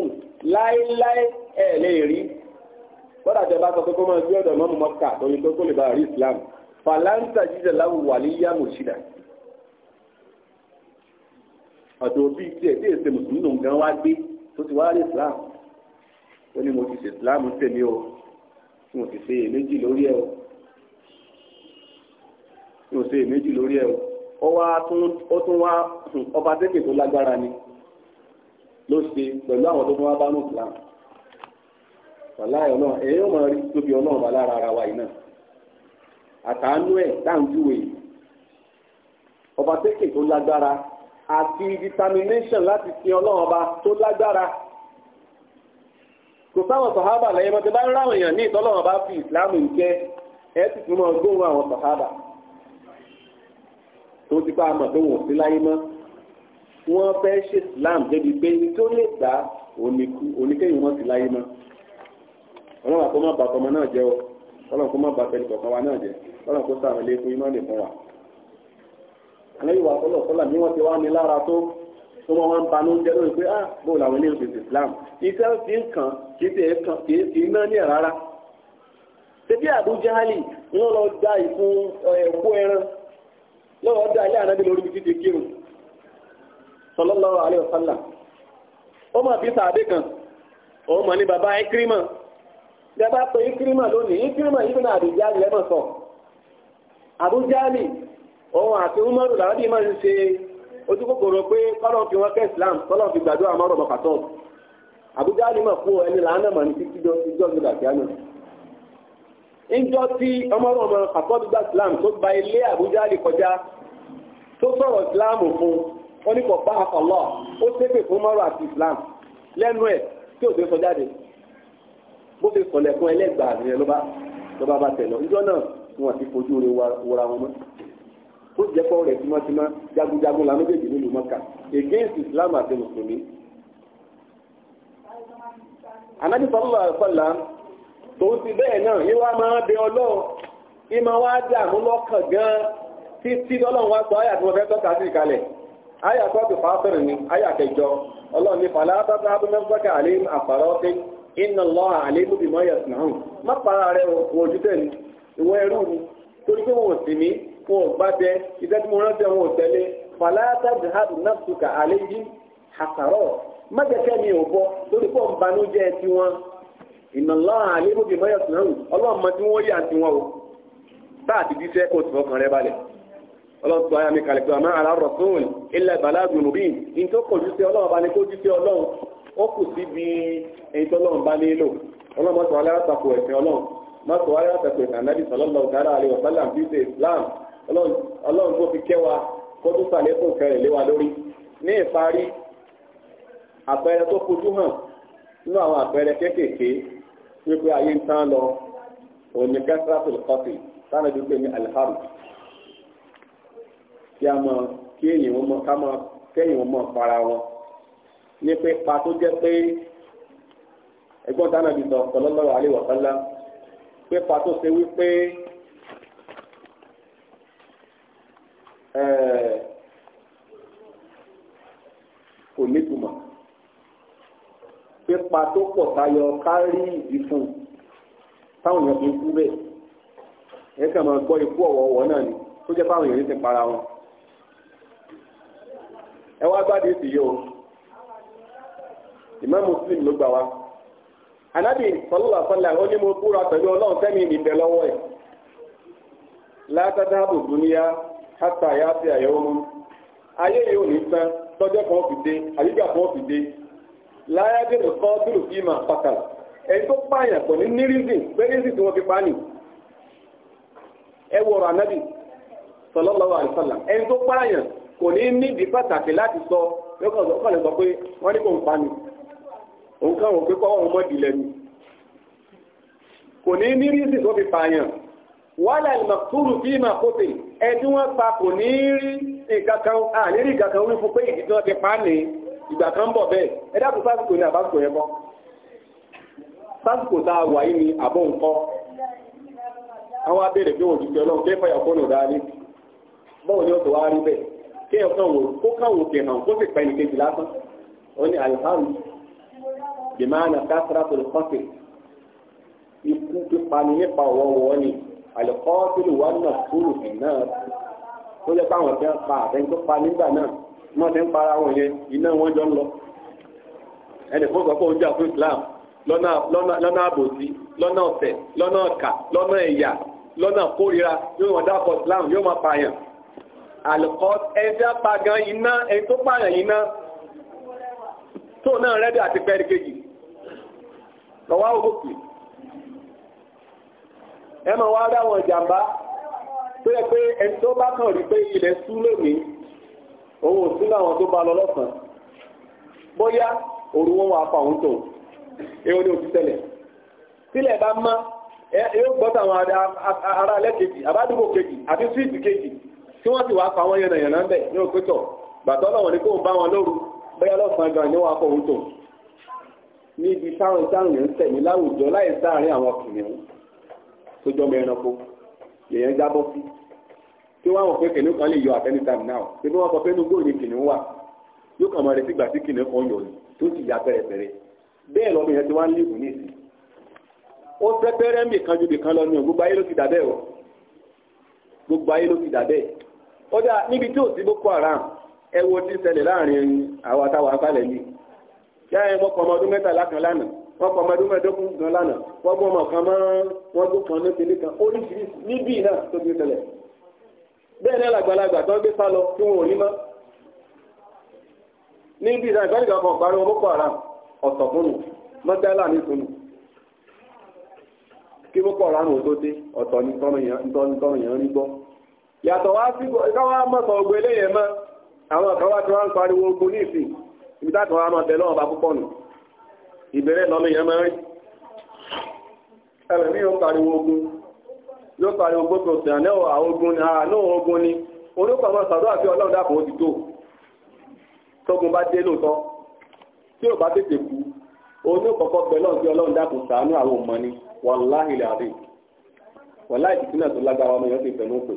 Speaker 1: láéláé ẹ̀ lè rí kódà tẹ bá sọ pé kó máa gbé ọ̀dọ̀ mọ́mú mọ́kà torí tó kó lè bá rí islam falan tajida lahu waliyyan murshida ọ̀dọ̀ òbí tiẹ̀ tí èsè mùsùlùmí nù gan wá gbé tó ti wá rí islam ó ní mo ti ṣe islam tèmi o tí wọ́n se ṣe èméjì lórí o tí wọ́n èméjì lórí o tún wá ọba tẹ́kẹ̀ tó lágbára ni ló ṣe pẹ̀lú àwọn tó tún wá bá nù plan wàláyọ̀ náà èyí ó máa rí tóbi ọlọ́run bá lára ara wa yìí náà àtàánú ẹ̀ dáńjúwe ọba tẹ́kẹ̀ tó lágbára àti determination láti sin ọlọ́run ọba tó lágbára. kò sáwọn sàhábà lẹ́yìn mọ́tẹ́ bá ń ráwọn èèyàn ní ìtọ́lọ́wọ́n bá fi ìsìláàmù ń kẹ́ ẹ sì tún máa gbóhùn àwọn sàhábà tó ti bá a mọ̀ tó wọ̀n sí láyé mọ́ wọ́n fẹ́ ṣe ìsìláàmù débi pé ní tó lè gbà oníkéyìn wọn sí láyé mọ́ ọlọ́run àkó má bàtọ́ ọmọ náà jẹ́ o ọlọ́run kó má bàtọ́ ẹnì kọ̀ọ̀kan wa náà jẹ́ ọlọ́run kó sàrànlé fún iná lè fún wa. àlẹ́ ìwà ọlọ́ọ̀kọ́lá ni tó wọ́n wọ́n ń banú lórí pé ah bó làwọn ilé ìgbèsè Islam iṣẹ́ fi ń kàn kì í ṣe kàn kì í fi ní ẹ̀ rárá. ṣebí Abu Jahali wọ́n lọ da ìfun ẹ̀kú ẹran lọ́wọ́ da ilé ànábì lórí ibi títí kírun sallallahu alaihi wasallam ó mà fi sàdé kan ó mà ní baba Ikrima bẹ́ẹ̀ pé Ikrima lónìí Ikrima yìí náà àdìjá lẹ́mọ̀ sọ Abu Jahali òun àti Umaru làwọn bí máa ń ṣe ojú kòkòrò pé kọ́lọ́ fi wọn kẹ́ Islam kọ́lọ́ fi gbàdúrà àmọ́ rọ̀bọ̀ kàtọ́ Àbújá ni mà fún ẹni làánà mà ní títí ìjọ mi làkíá náà ìjọ tí ọmọrọmọ kàtọ́ gbígbà Islam tó gba ilé Àbújá lè kọjá tó sọ̀rọ̀ Islam fún wọn ní kò bá àkọlọ́ ó ṣépè fún mọ́rọ̀ àti Islam lẹ́nu ẹ̀ tí ò bó fi kọlẹ̀kùn ẹlẹ́gbàá rẹ̀ ló bá bá tẹ̀ lọ ìjọ náà wọn àti fojú rẹ̀ wọra wọn mọ́ ó jẹ́ kọ́ rẹ̀ tímọ́tímọ́ jagunjagun la méjèèjì nílùú mọ́kà against islam àti mùsùlùmí. anabi sallallahu alaihi wasallam tòun ti bẹ́ẹ̀ náà yín wá máa bẹ ọlọ́ọ̀ yín máa wá dààmú lọ́kàn gan-an títí lọ́lọ́run wá sọ àyà tí wọ́n fẹ́ tọ́ka sí ìkalẹ̀ àyà tó ti fàásọ̀rọ̀ ni àyà kẹjọ ọlọ́run ní fàlà àtàtà abúlẹ́sọ́kà àlẹ́ àfàrọ́ pé iná lọ́ àlẹ́ lóbi mọ́ yẹ̀sùn náà má para rẹ̀ wọ́n ojú tẹ̀lé ìwọ ẹrú ni torí pé wọ́n sì mí wọn ò gbábẹ́ iṣẹ́ tí mo rántí ò fàlàtà jihadu nafsuka àlejì hasarọ májèké mi ò bọ lórí pọ̀ ń tiwọn ìnàlá àlébò bíi mọ́yà sùnàrù ọlọ́run mọ tí wọ́n yà tiwọn o táà ti díṣẹ́ kó tì rẹ balẹ̀ ọlọ́run tó ayámi kalẹ̀ pé tó ọlọ́run ọlọ́run tó fi kẹwàá kó tó sàlékún kẹrẹ̀ lé wa lórí ní ìparí àpẹẹrẹ tó fojú hàn nínú àwọn àpẹẹrẹ kéékèèké wípé ayé ń tán lọ òní kẹsàtò kọfì tánà dúpẹ́ ní aliharu kí a mọ kí èyìn wọn mọ ká mọ kẹyìn wọn mọ para wọn ní pé pa tó jẹ pé ẹ̀gbọ́n tánà bìtọ sallallahu alaihi wa sallam pé pa tó ṣe wípé. kò nítumọ̀ pípa tó pọ̀ tayọ kárí fi kú bẹ́ẹ̀ ẹ kàn máa gbọ́ ikú ọ̀wọ̀ọ̀wọ̀ náà ni tó jẹ́ fáwọn para wọn ẹ wá gbádùn sí Muslim ló gbà wá ó ní mo pẹ̀lú Ọlọ́run ìbẹ̀ lọ́wọ́ ẹ̀ látàdá hata ya sí àyẹ̀wò mú ayé yìí ò ní tán tọ́jọ́ kan fi dé fi kí ma ẹni tó pààyàn ní ní tí wọ́n fi pààyàn ẹ wọ̀rọ̀ ànábì sallallahu ẹni kò ní pàtàkì láti sọ lè sọ pé wọ́n ní kò ń pa ni òun káwọn kọ́ ọ̀hún mọ́ wàhálà ìmọ̀kúrù bí mà kópe ẹni wọ́n pa kò ní rí ìkankan àlérí ìkankan wí fún pé ìdí tí wọ́n ti pa á ní ìgbà kan ń bọ̀ bẹ́ẹ̀ ẹ dákun sásìkò ní àbásìkò yẹn kọ́ sásìkò tá a wà yìí ni àbọ̀ nǹkọ́ àwọn abéèrè bí wọn ti jọ lọ́wọ́ kẹfà yàgò nù dáa ní bọ́ọ̀ ni ó ti wá rí bẹ́ẹ̀ kí ẹ kàn wò kó kàn wò kẹhàn kó sì pẹ́ nìkejì lásán ó ní alihamu jìmáà nà kásìrà tó àlùkọ́ọ́tìlù wà náà kúrò iná ó jẹ́ káwọn fẹ́ pa àtẹ́ni tó pa nígbà náà wọ́n ti ń para wọn yẹn iná wọn jọ ń lọ ẹnì fún sọ pé òun jà fún Islam lọ́nà àbòsí lọ́nà ọ̀tẹ̀ lọ́nà ọ̀kà lọ́nà ẹ̀yà lọ́nà kórira yóò wọ́n dápọ̀ Islam yóò máa pààyàn àlùkọ́ ẹjẹ́ pagan iná ẹni tó pààyàn iná tó náà rẹ́dẹ̀ àti pẹ́ẹ́rì kejì lọ́wọ́ ògòkè ẹ máa wá dáwọn ìjàmbá tó yẹ pé ẹni tó bá kàn rí pé ilẹ̀ sú lónìí òun ò sí láwọn tó bá lọ lọ́sàn-án bóyá òru wọn wà fáwọn tó èèwọ̀ ni ò ti tẹ̀lẹ̀ sílẹ̀ bá má yóò gbọ́ táwọn ará alẹ́ kejì àbádùgbò kejì àti síìtì kejì tí wọ́n sì wá fáwọn yànnàyànnà ń bẹ̀ ní òpétọ̀ gbàtọ́ lọ́wọ́ ni kò bá wọn lóru bóyá lọ́sàn-án gan ni wọ́n á fọ òun tó níbi táwọn táwọn yẹn ń tẹ̀mí láwùjọ láì sáàárín àwọn kìnìún tó jọmọ ẹranko lèyàn jábọ́ sí tí wọ́n wọ̀ pé kìnìún kan lè yọ at any time now ṣé bí wọ́n sọ pé inú gbòòrò ni kìnìún wà yóò kàn máa retí ìgbà tí kìnìún kan yọ ni tó sì yà pẹ̀rẹ̀pẹ̀rẹ̀ bẹ́ẹ̀ lọ́mọ yẹn ti wá ń lè wù ní ìsìn ó pẹ́pẹ́rẹ́ mì kan ju bìkan lọ ní o gbogbo ayé ló ti dà bẹ́ẹ̀ o gbogbo ayé ló ti dà bẹ́ẹ̀ ó dà níbi tí ò sí boko haram ẹ wo ti ṣẹlẹ̀ láàrin àwọn àtàwọn afálẹ̀ yìí yáà ẹ mọ́kànlá ọdún mẹ́tàlá kan lánàá wọ́n pa gan lánàá wọ́n gbọ́ ọmọ kan mọ́ wọ́n kan ní tèlé kan oríṣiríṣi níbí náà tó ti tẹ̀lẹ̀ bẹ́ẹ̀ ní àgbàlagbà tó ń gbé sá lọ wọn ò ní níbí náà kan parí wọn boko haram fún mọ́tẹ́lá kí boko haram ò tó dé ọ̀tọ̀ ní gbọ́ yàtọ̀ wá ìbẹ̀rẹ̀ lọ́mọ èèyàn máa ń rí ẹ̀rẹ̀ ní yóò pariwo ogun yóò pariwo gbogbo ọ̀sẹ̀ àná ogun ni àánú ogun ni orúkọ àwọn sàdọ́ àti ọlọ́run dàpọ̀ ó ti tó tógun bá dé lóòótọ́ tí ò bá tètè kú òun yóò kọ́kọ́ bẹ lọ́run tí ọlọ́run dàpọ̀ sàánú àwọn ọmọ ni wàláhì làbí wàláhì tìtúnà tó lágbára ọmọ èèyàn ti fẹ̀mú pè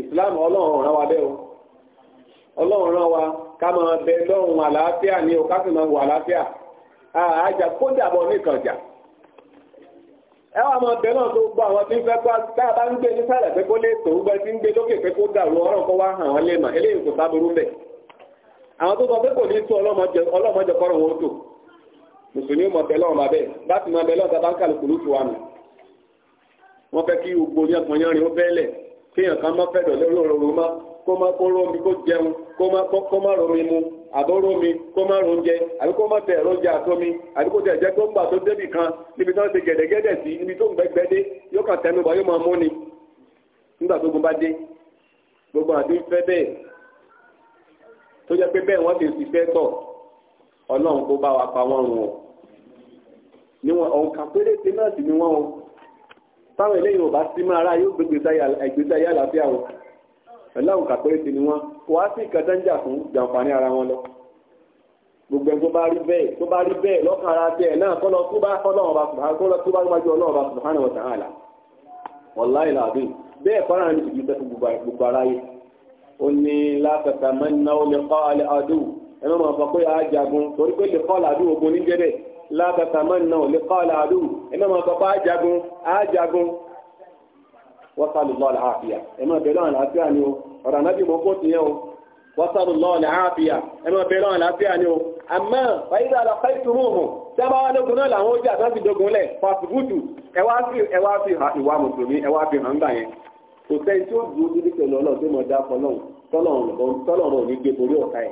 Speaker 1: ìsìláàmù ọlọ́run rán wa bẹ́ẹ̀ o ọlọ́run rán wa ká o ká sì máa àjà kódà bọ̀ nìkànjà ẹ wà máa bẹ tó gbọ́ àwọn tí ń fẹ́ pa tá a bá ń gbé nísàlẹ̀ pé kó lè tó gbẹ tí ń gbé lókè pé kó dàrú ọ̀rọ̀ kó wá hàn lè mà eléyìí kò sábúrú bẹ̀ àwọn tó sọ pé kò ní tó ọlọ́mọdé kọ́rọ̀ wọn tó mùsùlùmí mọ̀ láti kó má kó rómi kó jẹun kó má kó má rómi mu àbó rómi kó má róúnjẹ àbí kó má tẹ̀ róúnjẹ àtómi àbí kó tẹ̀ jẹ́ tó ń gbà tó débì kan níbi tó ń ṣe gẹ̀dẹ̀gẹ̀dẹ̀ sí níbi tó ń gbẹ́gbẹ́ dé yóò kàn tẹnu bá yóò máa mú ni nígbà tó gun bá dé gbogbo àti fẹ́ bẹ́ẹ̀ tó jẹ́ pé bẹ́ẹ̀ wọ́n ti ṣiṣẹ́ tọ̀ ọlọ́run kó bá wa pa wọ́n rùn ọ́ níwọ̀n ọ̀nkà péréte náà sì ni wọ́n o táwọn eléyìí ò bá sí máa rá yóò gbégbé sáyà àlàáfíà wọn ẹláwùn kàpẹ́rẹ́sì ni wọ́n kò wá sí nǹkan tán jà fún jàǹfààní ara wọn lọ gbogbo ẹni tó bá rí bẹ́ẹ̀ tó bá rí bẹ́ẹ̀ lọ́kàn ara bẹ́ẹ̀ náà kọ́ lọ tó bá ọlọ́run ọba sùnmọ́ kọ́ lọ tó bá wájú ọlọ́run ọba sùnmọ́ hánà wọ̀tàn àlà wọ̀láì làbín bẹ́ẹ̀ kọ́ra ní ìdí gbogbo ara yìí ó ní látàtà mẹ́nà ó lè kọ́ alẹ́ adó ẹ má fọ pé a torí pé lè kọ́ làdú ogun ní jẹ́rẹ̀ látàtà mẹ́nà ó lè kọ́ alẹ́ adó ẹ má fọ pé a jagun wasalùlọ́ àlàáfíà ẹ máa bẹ̀rẹ̀ àlàáfíà ni o ọ̀rọ̀ ànábì o kó ti yẹ o wasalùlọ́ àlàáfíà ẹ máa bẹ̀rẹ̀ àlàáfíà ni o dogun fi fi fi kò sẹ́yìn tí ó pẹ̀lú ọlọ́run tó mọ̀ dá fọlọ́run tọ́lọ́run ò ní gbé borí ẹ̀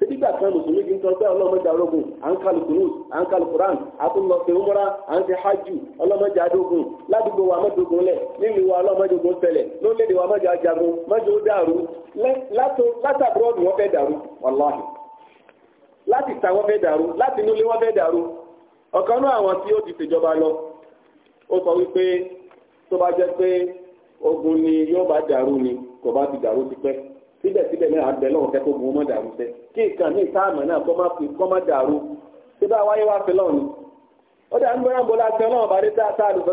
Speaker 1: nígbà kan mùsùlùmí kì í sọ pé ọlọ́mọdé arógun à ń kàlù rúùs à ń kálukú ram à tún lọ sí umra à ń ṣe hajj ọlọ́mọdé adógun ládùúgbò wa mọ́jọ́gun dàrú látàbúrò dàrú wàláhì láti ta wọ́n fẹ́ dàrú láti wọ́n fẹ́ dàrú ọ̀kan náà àwọn tí ó ti ṣèjọba lọ ó dàrú ni dàrú síbẹ̀síbẹ̀ kí nǹkan ní ìtaàmù náà kọ́ má fi kọ́ má dàrú tí bá wáyé wá fi lọ́ọ̀nù ó dáa ń gbọ́dọ̀ ń láti ọlọ́run bá dé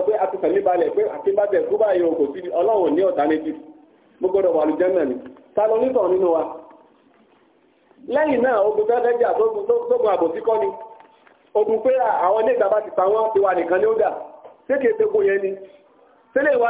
Speaker 1: pé a ti balẹ̀ pé àti bá bẹ̀ kú báyìí o kò sí ọlọ́run ní ọ̀tá méjì mo gbọ́dọ̀ wà lùjẹ́ ta ló nítàn nínú wa lẹ́yìn náà ogun fẹ́ fẹ́ jà sógun ni ogun pé àwọn ilé ìgbà ti ti wà nìkan ní ó dà kó yẹn ni sílé ìwà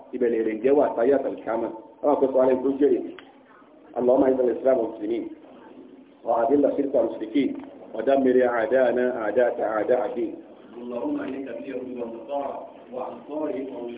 Speaker 1: ìbẹ̀lẹ̀ rẹ̀ jẹ́ wà táyà tàlìkámà àwọn akẹ́kọ̀ọ́ alẹ́ tó jèrè اللهم اعز الاسلام والمسلمين واذل الشرك والمشركين ودمر اعداءنا اعداءك اعداء الدين اللهم انك تبلغ بالنصارى وانصاره